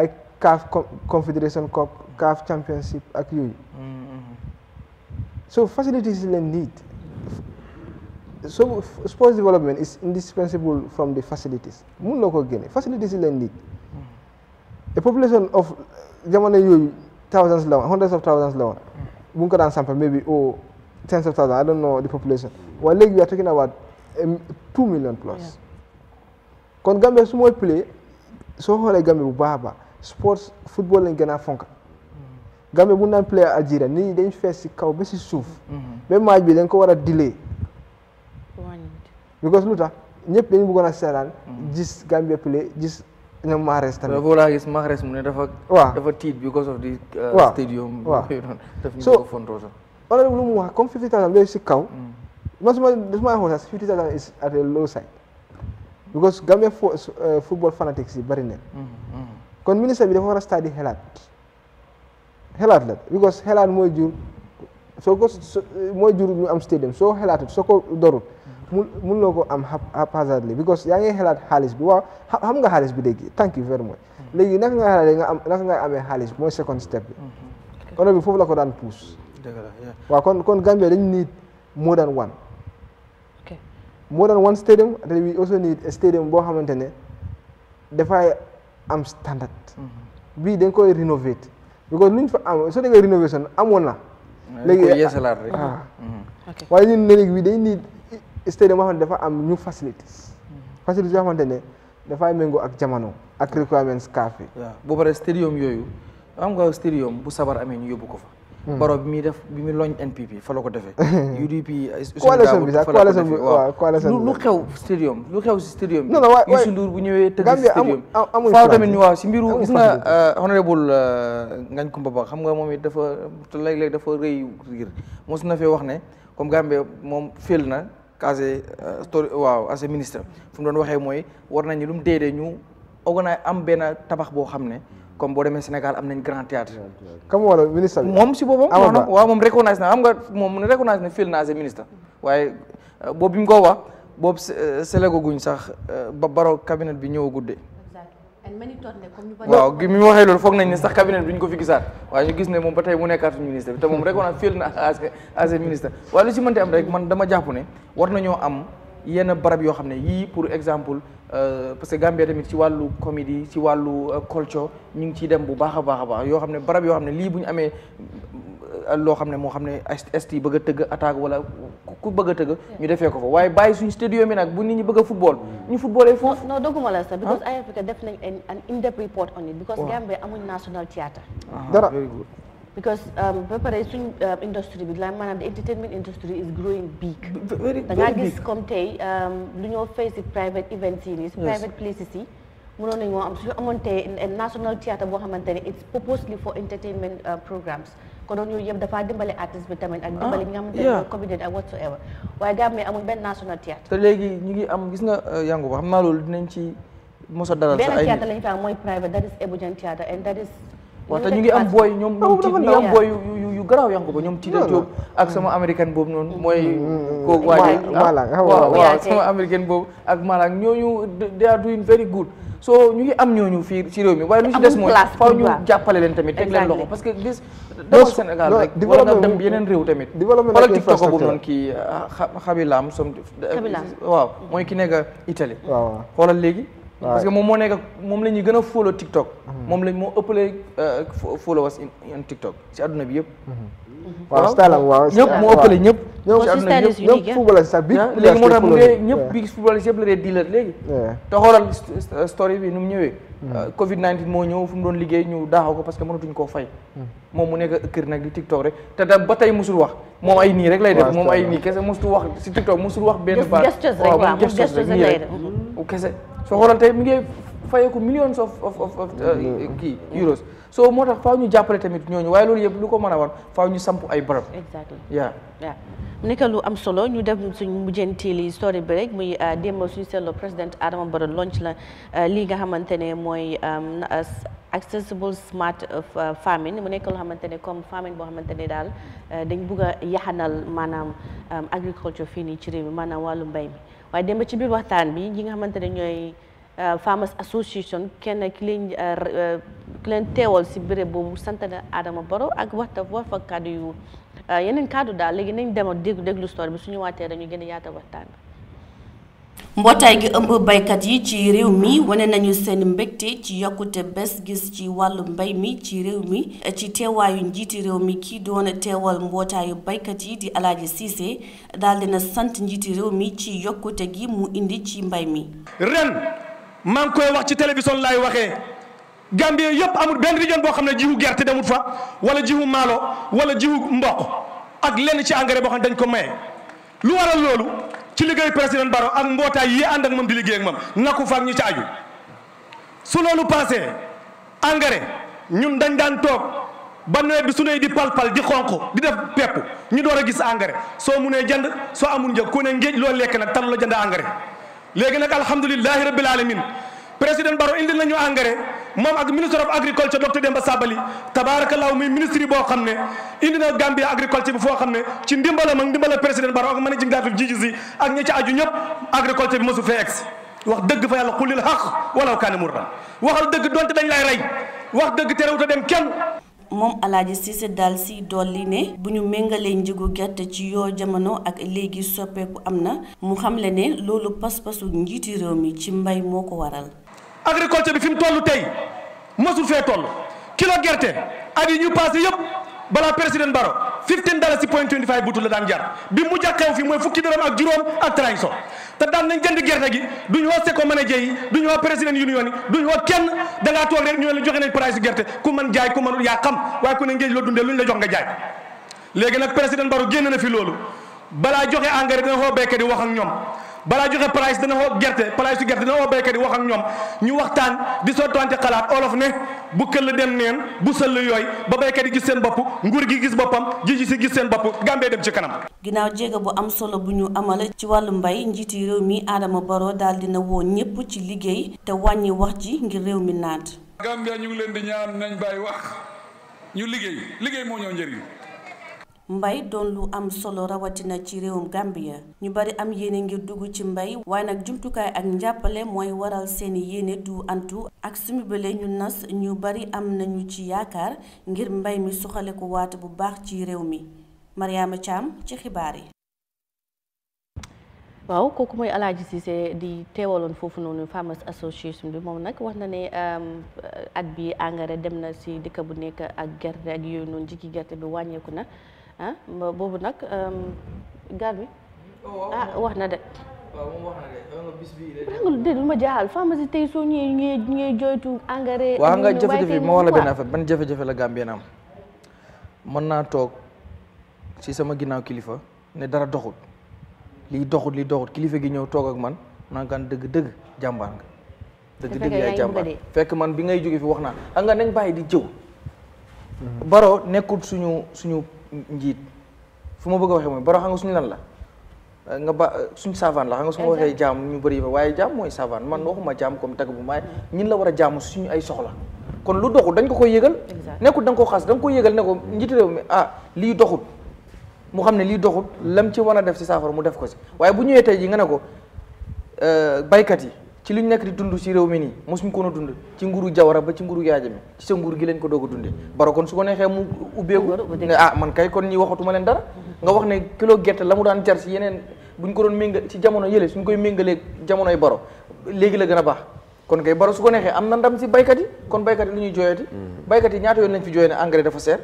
ay hmm. CAF Confederation Cup CAF Championship ak yooyu hmm, so facilities leen need so sports development is indispensable from the facilities mun na ko facilities leen need a population of jamono yooyu thousands la woon hundreds of thousands ko daan sample maybe oh tens of thousands I don't know the population waaye léegi we are talking about um, two million plus kon Gambia su mooy play soo xoolee Gambia bu baax a baax sports football lañ gën a fonk mm-hmm. Gambia bu naan play Algeria ni ñi dañ fees si kaw ba si suuf ba mm-hmm. match bi dañ ko war a delay because lu tax ñëpp dañ bëggoon a seeraan mm-hmm. gis Gambia play gis ñoom ma tamit dafa laa gis Mahrez mu ne dafa. waaw dafa tiit because of the. Uh, stadium. waaw *laughs* daf ñu ko fontoo sax. wala lu mu wax comme fifty thousand day si kaw. non mm. ma su ma waxoon sax fifty thousand is at a low side. because Gambia uh, football fanatics yi bari neen. Mm, mm. kon ministre bi dafa war a stadi xelaat. xelaat la because xelaat mooy jur soo ko mooy jur ñu am stadium soo xelaatut soo ko dorut. mun munuloo ko am haphazardly because yaa ngi xalaat xaalis bi waaw xam nga xaalis bi léegi thank you very much mm-hmm. léegi naka nga nga am naka nga amee xaalis mooy second step bi mm-hmm. ono bi foofu la ko daan pousse waaw kon kon Gambia dañ need more than one more than one stadium te we also need a stadium boo xamante ne dafay am standard mm-hmm. bii dañ koy rénovate because luñ fa am soo déggee rénovation amoon na léegi ah. waaye ñun ne léegi bi dañ need stade moo xam ne dafa am ñu facilities hmm. facilities yoo xamante ne dafay méngoo ak jamono ak requirements CAF yi boo paree stadium yooyu xam nga bu sabar amee ñu yóbbu ko fa hmm. baro bi muy def bi muy loñ NPP fa la ko defee UDP *laughs* uh, coalition bi sax coalition bi waaw lu xew stadium lu xew si stadium bi Youssou Ndour bu ñëwee tëdd si stadium faaw tamit ñu waaw si mbiru gis nga uh, honorable uh, Ngagne Kumba Ba xam nga moom it dafa léeg-léeg dafa rëy ngir mos na fee wax ne comme Gambie moom féel na case uh, waaw as ministre fu mu doon waxee mooy war nañu lu mu dee dee ñu ogana am benn tabax boo xam ne comme boo demee Sénégal am nañ grand théâtre comme wala ministre moom si boppam non waaw moom reconnaissance na xam nga moom reconnaissance na fil na as ministre waaye uh, boobu bi mu ko wax boobu uh, sélégo guñ sax ba baro cabinet bi ñëw guddee waaw mi mu waxee loolu foog nañ ne sax cabinet bi duñ ko fi gisaat waaye ñu gis ne moom ba tey mu nekkaat ministre bi te moom rek a waaye lu si mënti am rek man dama jàpp ne war na ñoo am yenn barab yoo xam ne yii pour exemple euh, parce que Gambia tamit ci wàllu comédie ci wàllu euh, culture ñu ngi ciy dem bu baax a baax a baax yoo xam ne barab yoo xam ne lii bu ñu amee Euh, loo xam ne moo xam ne est bëgg a tëgg attaque wala ku bëgg a tëgg ñu defee ko fa waaye bàyyi suñu stadium yi nag bu nit bëgg a football ñu footballee foofu non dogguma la sax because ah. AFP amuñ national theatre because um, ba pare suñ um, industrie bi la maanaam the entertainment industry is growing big da gis comme um, lu ñoo face it private events yi private places yi mënoon nañoo am su amoon tey national theatre boo xamante ne it's purposely for entertainment uh, konoon yooyu yëpp dafa dimbali artiste bi tamit ak ah, dimbali ñi nga xamante ne communauté ak whatsoever waaye Gambie amul benn national théâtre te léegi ñu am gis nga euh, yangu ba xam naa dinañ ci mos a dalal sa ay am mooy private that is Ebujan théâtre and that is waaw te ñu ngi am booy ñoom oh, ñoom ñu ngi yu yu garaaw yangu ba ñoom tiita Diop ak sama mm. américaine boobu noonu mm, mooy mm, kooku waaye waaw waaw sama américaine boobu ak Malang ñooñu they are doing very good soo ñu ngi am ñooñu fii ci réew mi waaye lu ci des mooy faw ñu jàppale leen tamit teg leen loxo parce que gis demal Sénégal rek war nga dem yeneen réew tamit xoolal TikTok boobu noonu kii ah, xabilaam som eh, waaw mooy ki nekk Italie xoolal léegi parce que moom moo nekk moom la ñuy gën a follow TikTok mhm. moom lañ moo ëppale eh, followers in TikTok si àdduna bi yëpp mhm. waaw style am waaw ñëpp moo ëppale ñëpp ñëpp si àdduna ñëpp footballeur sax bi ah, léegi moo tax mu dee ñëpp big footballeur yëpp la dee dealer léegi te xoolal story bi nu mu ñëwee hmm. euh, covid 19 moo ñëw fu mu doon liggéey ñu daaxaw ko parce que mënatuñ koo fay hmm. moom mu nekk kër nag di tiktok rek te da ba tey musul wax moom ay nii rek lay def moom ay nii kese musul wax si tiktok musul wax benn baat waaw gestos rek nii rek kese soo xoolal tey mi ngi fayeeku millions of of of uh, hmm. kii euros soo moo tax faaw ñu jàppale tamit ñooñu waaye loolu yëpp lu ko mën a war faaw ñu samp ay barab. exactement yaa yaa nekk lu am solo ñu def suñ mujjanteeli story bi rek muy euh, demba suñu seetloo président Adama Barrow launch la euh, lii nga xamante ne mooy. Euh, accessible smart farming mu nekk loo xamante ne comme farming boo xamante ne daal dañ bugg a yaxanal maanaam agriculture fii nii ci réew mi maanaam wàllu mbay mi waaye dem ci biir waxtaan bi ñi nga xamante ne ñooy Eh, farmers association kenn ki leen eh, eh, ki leen teewal si béréb boobu sant na Adama baro ak waxta wax fa kàddu yu yeneen kàddu daal léegi nañ dem déglu déglu story bi suñu waatee dañu gën a yaata waxtaan mbootaay gi ëmb baykat yi ci réew mi wane nañu seen mbégte ci yokkute bés gis ci wàllu mbay mi ci réew mi ci teewaayu njiiti réew mi ki doon teewal mbootaayu baykat yi di Alaaji Siise daal dina sant njiiti réew mi ci yokkute gi mu indi ci mbay mi ren maa ngi koy wax ci télévision laay waxee Gambie yëpp amul benn région boo xam ne jiwu gerte demut fa wala jiwu maalo wala jiwu mboq ak lenn ci engrais boo xam ne dañ ko maye. lu waral loolu ci liggéey président Barrow ak mbootaay yi ànd ak moom di liggéey ak moom naku faak ñu ci aju su loolu passé engrais ñun dañ daan toog ba nawet bi su ne di palpal di xonq di def pepp ñu door a gis engrais soo munee jënd soo amul njëg ku ne ngéej loolu lekk nag tal la jënd engrais. léegi nag alhamdulilahi rabbil alamin président Baro indi nañu engrais moom ak ministre of agriculture docteur Demba Sabali tabaarakallaahu muy ministre boo xam ne indi na Gambia agriculture bi foo xam ne ci ndimbalam ak ndimbalal président Baro ak managing director GGC ak ñi ci aju ñëpp agriculture bi mosu fee egsi wax dëgg fa yàlla xulil xaq walaw kaane murran waxal dëgg donte dañ lay rey wax dëgg terewut a dem kenn. moom Alaaji Cissé daal si dolli ne bu ñu méngalee njëgu gerte ci yoo jamono ak léegi soppeeku am na mu xamle ne loolu pas-pasu njiiti réew mi ci mbay moo ko waral. agriculture bi fi mu toll tey mosul fee toll kilo gerte at yi ñu passé yëpp balaa président Baro. fifteen dalasi point twenty five butu la daan jar bi mu jàkkeew fi mooy fukki dërëm ak juróom ak trañ so te daan nañ jënd gerte gi duñu woo seko manager yi duñu woo président union yi duñu woo kenn da toog rek ñu la joxe nañ price gerte ku mën jaay ku mënul yaa xam waaye ku ne ngéej la dundee lu ñu la jox nga jaay léegi nag président Barrow génn na fi loolu balaa joxe engrais dina xoo béykat yi wax ñoom balaa joxe place dana woo gerte place su gerte dana woo béykat yi wax ak ñoom ñu waxtaan di sottante xalaat olof ne bu këll dem neen bu sëll yooy ba baykat yi gis seen bopp nguur gi gis boppam ji ji si gis seen bopp Gambie dem ci kanam. ginnaaw jéege bu am solo bu ñu amal ci wàllu mbay njiitu réew mi Adama Barrow daal dina woo ñëpp ci liggéey te wàññi wax ji ngir réew mi naat. Gambia ñu ngi leen di ñaar nañ bàyyi wax ñu liggéey liggéey moo ñëw njariñ mbay doon lu am solo rawatina ci réewum Gambia ñu bari am yéene ngir dugg ci mbay waaye nag jumtukaay ak njàppale mooy waral seeni yéene du antu ak suñu bële ñu nas ñu bari am nañu ci yaakaar ngir mbay mi suxale ko waat bu baax ci réew mi Mariama caam ci xibaar yi. waaw kooku mooy Alaaji Cissé di teewaloon foofu noonu Farmers Association bi moom nag wax na ne at bi engrais dem na si dëkk bu nekk ak gerte ak yooyu noonu jikki gerte bi wàññeeku na ah nak nag gar bi oh, ah wax na de waaw moom wax na de lu tey soo ñëwee ñëwee ñëwee jooytu engrais waaw nga jafe-jafe ma wax la affaire ban jafe-jafe la Gambien am mën naa toog si sama ginnaaw kilifa ne dara doxul li doxul li doxul kilifa gi ñëw toog ak man naa kan dëgg dëgg jàmbaar nga dëgg dëgg yaay jàmbaar fekk man bi ngay fi nga nañ di jëw baro nekkul suñu suñu njiit fu ma bëgg a waxee mooy baro xam nga suñu lan la nga ba suñ savane la xam nga su ma waxee jaam ñu bëri waaye jàmm mooy savane man waxuma jaam comme tag bu maay ñin la war a jaamu suñu ay soxla kon lu doxul dañ ko koy yëgal nekkul da nga ko xas da nga koy yëgal ne ko njiit réew mi ah lii doxul mu xam ne lii doxul lam ci war a def si saafara mu def ko si waaye bu ñëwee tey ji nga ne ko euh, baykat yi ci li ñu nekk di dund ci réew mi nii mosuñu ko woon a dund ci nguuru Jawara ba ci nguuru Yaaja mi ci sa nguur gi leen ko doog a dundee baro kon su ko neexee mu ubbeeku ne ah man kay kon ñi waxatuma leen dara nga wax ne kilo gerte la mu daan jar ci yeneen buñ ko doon ménga ci jamono yële suñ koy méngalee jamonoy baro léegi la gën a baax kon kay baro su ko neexee am na ndam ci baykat yi kon baykat yi lu ñuy jooyati mm. baykat yi ñaata yoon lañ fi jooyee ne engrais dafa seer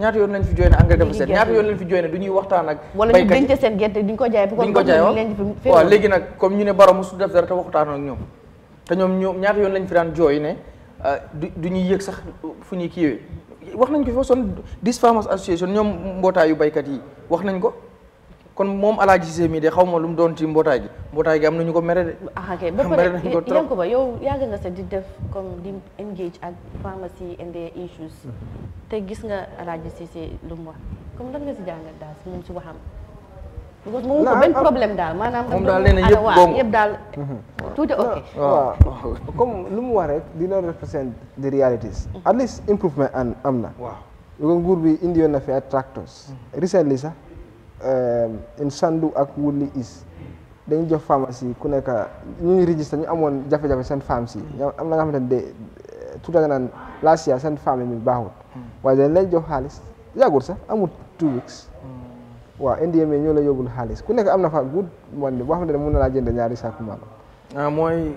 ñaata yoon lañ fi jooy ne engrais glyphosate ñaata yoon lañ fi jooy ne du ñuy waxtaan ak wala ñu duñ ko jaay bu léegi nag comme ñu ne baro mosu def dara te waxtaan ak ñoom te ñoom ñoom ñaata yoon lañ fi daan jooy ne euh, du ñuy yëg sax fu ñuy kiiwee wax nañ ko fa son dix farmers association ñoom mbootaayu baykat yi wax nañ ko kon moom Alaaji Cissé mii de xaw ma lu mu doon ci mbootaay gi mbootaay gi am na ñu ko mere de. ah ok ba pare Yankuba yow yàgg nga sax di def comme di engage ak pharmacie and their issues mm-hmm. te gis nga Alaaji Cissé lu mu wax comme lan nga si si moom si waxam. parce que moom maanaam. moom daal nee na yëpp góob daal. Mm-hmm. tuuti ok ah, waaw lu mu wax rek dina represent the realities. Mm-hmm. at least improvement am na. waaw nguur bi indi yoon na fi ay tractors. recently sax. Ehm, Nshandu ak Wuli is dañu jox pharmacie yi ku nekk ñu ngi ñu amoon jafe-jafe seen pharmacie yi am na nga xamante ne de eh, tout à naan last year mi baaxul hmm. waaye dañ lay jox xaalis yàggul sax amut two weeks hmm. waaw NDMA ñoo la yóbbul xaalis ku nekk am na fa good man boo xamante ne mën na laa jënd ñaari saako maalo ah mooy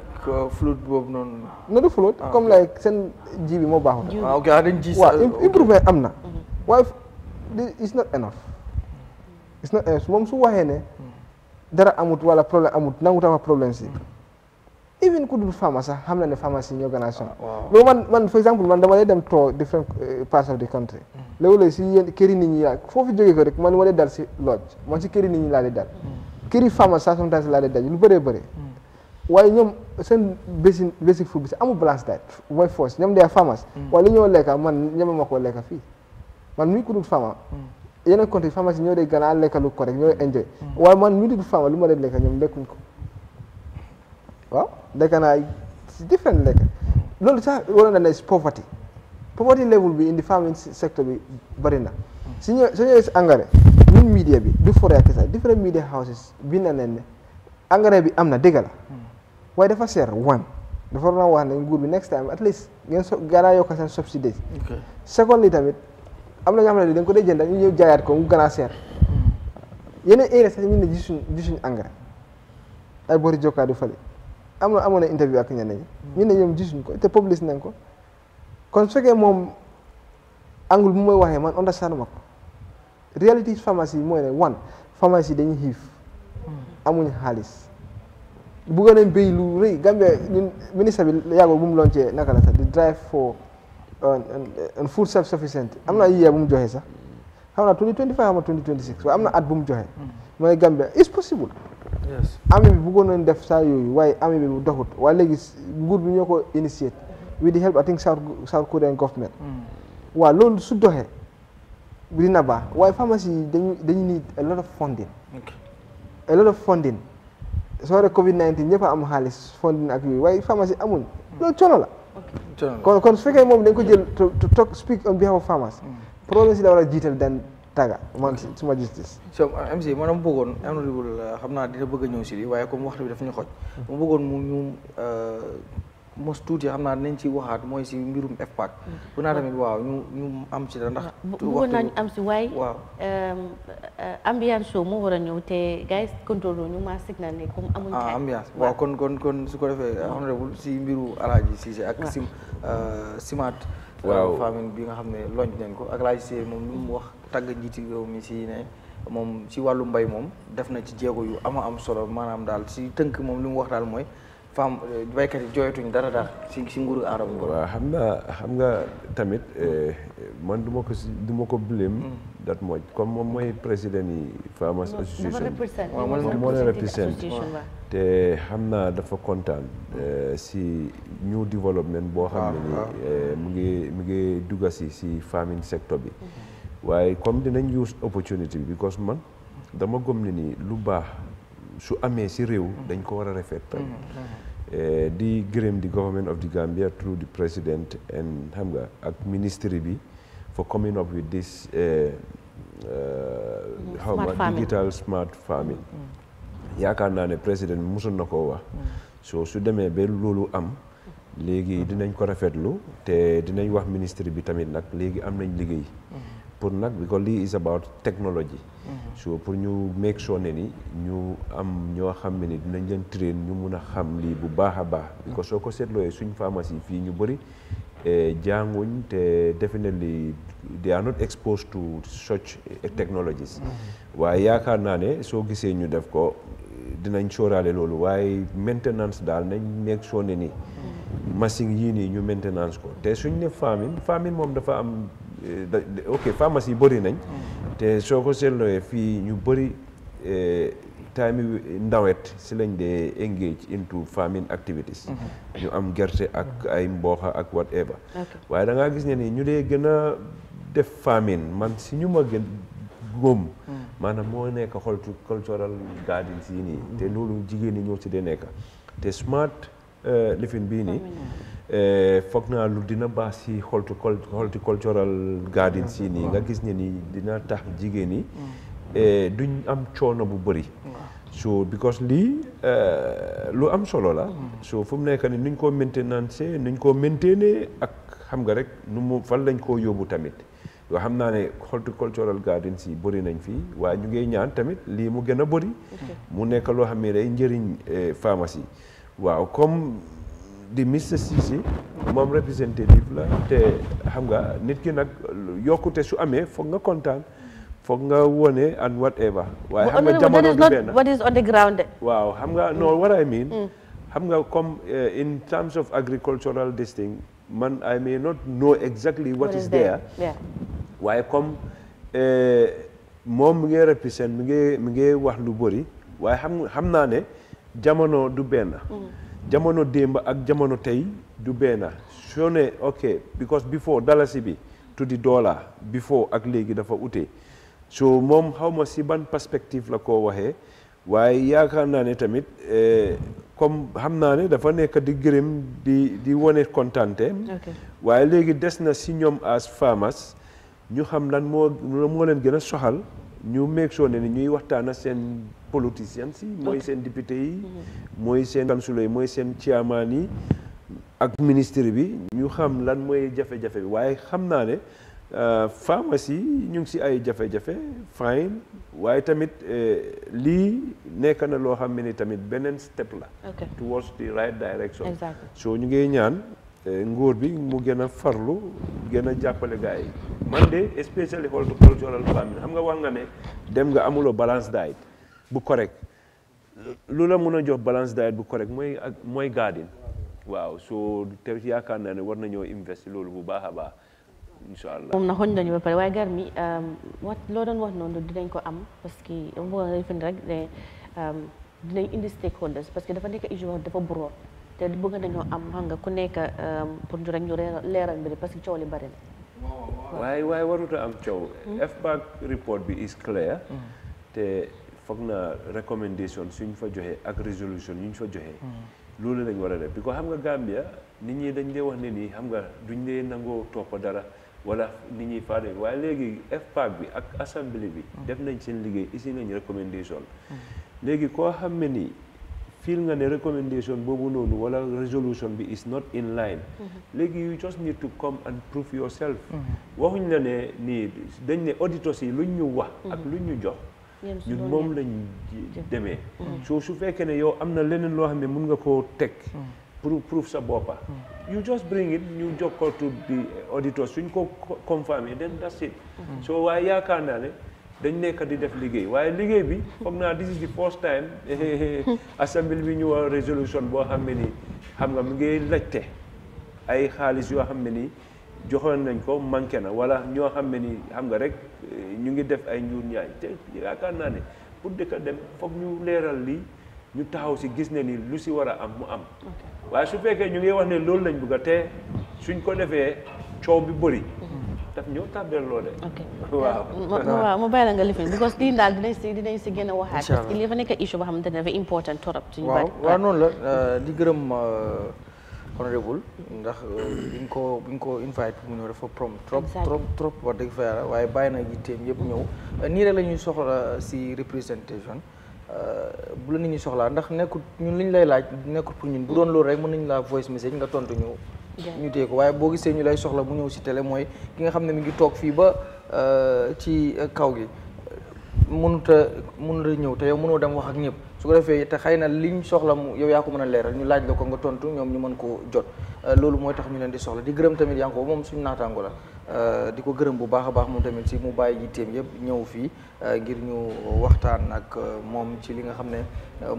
flotte boobu noonu. na du ah, comme like seen ji bi moo baaxul. ah ok dañ uh, am na. Mm-hmm. waaye it's not enough. gis na ins eh, moom su waxee ne dara amut wala problème amut nangu tax wax problème si even ku dul fama sax xam na ne pharmacie si gën a sonn ah, loolu man man for exemple man dama dem to different eh, parts of the mm. si yéen ni ñi laa foofu jógee ko rek man ma dee dal si lodge man si këri ni ñi laa dee dal mm. këri fama sax sometimes laa dee dal lu bëree bëri mm. waaye ñoom seen basic basic food bi si amul balance diet mooy force ñoom dee pharmacie waaye li ñoo lekka man ñeme ma koo lekka fii man muy ku dul fama yeneen country pharmacie ñoo dee gën a lekk lu correct ñoo dee enjoy waaye man ñu di fama lu ma dee lekk ñoom lekkuñ ko different lekk loolu sax waroon na ne poverty poverty level bi indi farming sector bi bari na su ñëw su ñëwee engrais ñun media bi du forêt a sax different media houses bi na leen ne bi am na dëgg la waaye dafa seer one dafa waroon wax ne nguur bi next time at least ngeen so gannaaw subsidies second li am na ñoo xam ne dañ ko dee jënd ñu ñëw jaayaat ko mu gën a seer yeneen erreur sax ñu ne gisuñ gisuñ engrais ay boori jokkaa du fële amoon amoon na interview ak ñeneen ñi ñu ne ñoom gisuñ ko te publish nañ ko kon su moom angle bu mooy waxee man understand ma ko réalité pharmacie yi mooy ne one pharmacie dañuy xiif amuñ xaalis bëgg nañ béy lu rëy Gambia ñun ministre bi yàggul bu mu loncee naka la sax di drive for un full self sufficient am na year bu mu joxe sax xam naa 2025 xam na 2026 waaye am na at bu mu joxe hmm. mooy Gambia is possible armée bi bëggoon nañ def saa yooyu waaye armée bi doxut waaye bi ñoo ko initiate with the help I think South South Korean hmm. loolu su doxee dina ba waaye pharmacie yi dañu dañu need a lot of funding a soo rek covid 19 ñëpp am xaalis funding ak yooyu waaye pharmacie amuñ hmm. loolu coono la kon kon su fekkee moom dañ ko jël to talk speak on behalf of farmers hmm. problème si la a jiital daan tàgga man suma justice so uh, MC maanaam bëggoon honorable uh, xam naa dina bëgg a ñëw si lii waaye comme waxtu bi daf ñu xoj mu hmm. bëggoon mu ñu mos tuuti xam naa dinañ ci waxaat mooy si mbirum FPAC. bu mm. naa tamit mm. waaw ñu ñu am ci la ndax. Ah, bëggoon naa am si waaye. waaw um, uh, ambiance show moo ñëw te gars yi contrôle ñu maa signal ne comme amuñu. ah waaw kon kon kon su ko defee. honorable si mbiru Alaaji Cissé ak. sim uh, simaat. Uh, waaw famille bi nga xam ne lonj nañ ko ak Alaaji see moom lu mu wax tàgg njiiti réew mi si moom ci wàllu mbay moom def na ci jéego yu ama am solo maanaam daal si tënk moom li mu wax daal mooy. femme euh, béykat yi jooyatuñ dara daal si si nguuru xam nga xam nga tamit eh, man duma ko si duma ko blâme mm. dat mooy comme moom mooy président yi farmers association moo leen représente te xam naa dafa kontaan eh, si new développement boo xam ne ah, ni ah. eh, mu ngi mu ngi dugga si si farming sector bi mm-hmm. waaye comme dinañ use opportunity bi because man dama gom ne ni lu baax su amee si réew mm-hmm. dañ ko war a rafetal mm-hmm. mm-hmm. eh, di gërëm di government of the Gambia through the president and xam nga ak ministry bi for coming up with this eh, eh, xaw ma digital smart farming yaakaar naa ne président mosoon na koo wax so su demee be loolu am léegi dinañ ko rafetlu te dinañ wax ministre bi tamit nag léegi am nañ liggéey pour nag because lii is about technology. Mm-hmm. so pour ñu make sure ne ni ñu am ñoo xam ne ni dinañ leen train ñu mun a xam lii bu baax a baax. because soo ko seetlooyee suñ pharmacie fii ñu bëri eh, jànguñ te definitely they are not exposed to such eh, technologies. Mm-hmm. waaye yaakaar naa ne soo gisee ñu def ko dinañ sóoraale loolu waaye maintenance daal nañ make sure ne ni mm-hmm. machine yii nii ñu maintenance ko te suñ ne farming farming moom dafa am. ok pharmacie yi nañ mm. te soko ko seetloo fii ñu bëri eh, time ndawet si lañ dee engage into farming activities mm-hmm. ñu am gerte ak ay ak whatever waaye da ngaa gis ne ni ñu def farming man si ñu ma gën góom mm. maanaam moo nekk cultural garden ini, nii te mm. loolu jigéen ñi ñoo si dee nekk te smart Euh, lifin bii nii euh, foog naa lu dina baax si horticultural garden si nii nga gis ne nii dina tax jigéen ñi euh, duñ am coono bu bëri so because lii lu am solo la so fu mu nekk ni nuñ koo maintenance nuñ koo maintenir ak xam nga rek nu mu fal lañ koo yóbbu tamit yoo xam naa ne horticultural gardens yi bëri nañ fii waaye ñu ngi ñaan tamit lii mu gën a bëri mu nekk loo xam ne day njëriñ pharmacie waaw comme di Mister Cissé moom représentative la te xam nga nit ki nag yokkute su amee foog nga kontaan foog nga wone and whatever waaye xam nga jamono bi benn what is on waaw xam nga no what I xam nga comme in terms of agricultural this thing man I may not know exactly what is there waaye comme moom mi ngi represent mi ngi mi ngi wax lu bëri waaye xam xam naa ne jamono du benn mm. jamono démb ak jamono tey du benn soo ne ok because before dalasi bi to di dollar before ak léegi dafa ute so moom xawma ma si ban perspective la ko waxee waaye yaakaar naa ne tamit eh, comme xam naa ne dafa nekk di gërëm di di wane kontaante waaye léegi des na si ñoom as farmers ñu xam lan moo moo leen gën a soxal ñu make sure ne ni ñuy waxtaan a seen politiciens yi mooy seen député yi mhm. mooy seen kansule yi mooy seen chairman yi ak ministre bi ñu xam lan mooy jafe-jafe bi waaye xam naa ne euh, pharmacie ñu ngi si ay jafe-jafe fine waaye tamit euh, lii nekk na loo xam ne tamit beneen step la towards the right direction so ñu ngi ñaan euh, nguur bi mu gën a farlu gën a jàppale gars yi man de especially horticultural farming xam nga wax nga ne dem nga amuloo balance diet bu correct loolu la mën a jox balance diet bu correct mooy mooy garden waaw so te yaakaar naa ne war nañoo investi loolu bu baax a baax incha allah. moom na xoñ nañu ba pare waaye gar mi um, wax loo doon wax noonu dinañ ko am parce que dama bëggoon a rek ne um, dinañ indi stakeholders parce que dafa nekk issue dafa broad te bëgg nañoo xam nga ku nekk um, pour ñu rek ñu leeral mbir parce que coow li bari na. waaye waaye waruta am coow. Hmm? FBAC report bi is clear hmm. foog na recommendation suñ fa joxee ak ñu ñu fa joxee hmm. loolu lañ war a def bi ko xam nga Gambia nit ñi dañ dee wax ne nii xam nga duñ dee nangoo topp dara wala nit ñi faa def waaye léegi FPAC bi ak assemblée bi hmm. def nañ seen liggéey isi nañ recommendation hmm. léegi koo xam ne nii feel nga ne recommendation boobu noonu wala resolution bi is not in line léegi you just need to come and prove yourself waxuñ la ne nii dañ ne auditeurs yi luñ ñu wax ak luñ ñu jox ñun moom lañ demee mm. soo su fekkee ne yow am na leneen loo xam ne mun nga koo teg mm. pour proof sa boppa mm. you just bring it ñu jokkoo to the auditors suñ ko confirmé then that's it so waaye yaakaar naa ne dañ nekk di def liggéey waaye liggéey bi foog naa this is the first time *laughs* assemblée bi ñu war résolution boo xam ne nii xam nga mu ngay lajte ay xaalis yoo xam ne nii joxoon nañ ko manqué na wala ñoo xam ne ni xam nga rek ñu ngi def ay njuur ñaay te yaakaar naa ne pour dëkk dem foog ñu leeral lii ñu taxaw si gis ne ni lu si war a am mu am. waaye su fekkee ñu ngi wax ne loolu lañ bëgg te suñ ko defee coow bi bëri. Mhm. daf ñëw tardel loo de. waaw waaw mu bàyyi la nga lifin because lii daal dinañ si si gën a waxaat. parce que li dafa nekk issue boo xamante ne dafa important trop. suñu bari waaw waaw noonu la euh, di gërëm. Euh, honorable ndax euh, bi ñu ko bi ñu ko invite mu ñëw dafa prom trop trop trop wax dëgg fa waaye bàyyi na yitteem yëpp ñëw euh, nii rek la ñuy soxla si représentation euh, bu la nit ñi soxlaa ndax nekkul ñun li lay laaj nekkul pour ñun bu doon loolu rek mën nañu laa voice message nga tontu ñu ñu dee ko waaye boo gisee ñu lay soxla mu ñëw si tele mooy ki nga xam ne mu ngi toog fii ba ci kaw gi mënut a mënut ñëw te yow mënoo dem wax ak ñëpp su ko defee te xëy na liñ soxla mu yow yaa ko mën a leeral ñu laaj la ko nga tontu ñoom ñu mën ko jot euh, loolu mooy tax ñu leen di soxla di gërëm tamit yaa ngi ko moom suñu naataango la euh, di ko gërëm bu baax a baax mu tamit si mu bàyyi yitteem yëpp ñëw fii euh, ngir ñu waxtaan ak moom ci li nga xam ne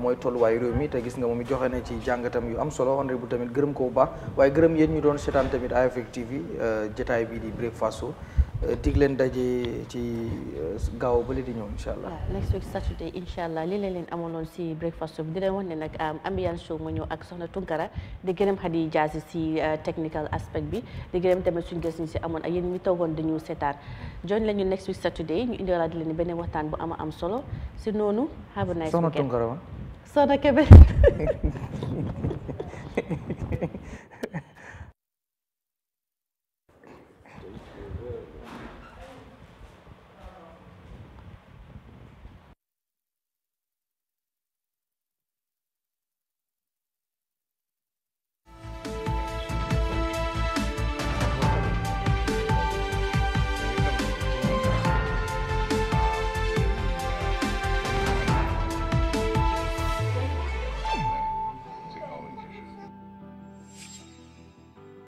mooy tolluwaayu réew mi te gis nga moom it joxe na ci jàngatam yu am solo honorable bu tamit gërëm ko bu baax waaye gërëm yéen ñu doon seetaan tamit AIFEC TV jotaay bii di breakfast Euh, dig leen daje ci euh, gaaw ba di ñëw incha allah. waaw next week Saturday incha allah li leen leen amaloon si breakfast bi di leen wax ne nag ambiance show ma ñëw ak soxna Tunkara di gërëm Hadi Jaasi si technical aspect bi di gërëm tamit suñu gëstu si amoon ak yéen mi toogoon dañu seetaan join lañu next week Saturday ñu indiwalaat di leen beneen waxtaan bu ama am solo si noonu. have a nice weekend soxna Tunkara *laughs*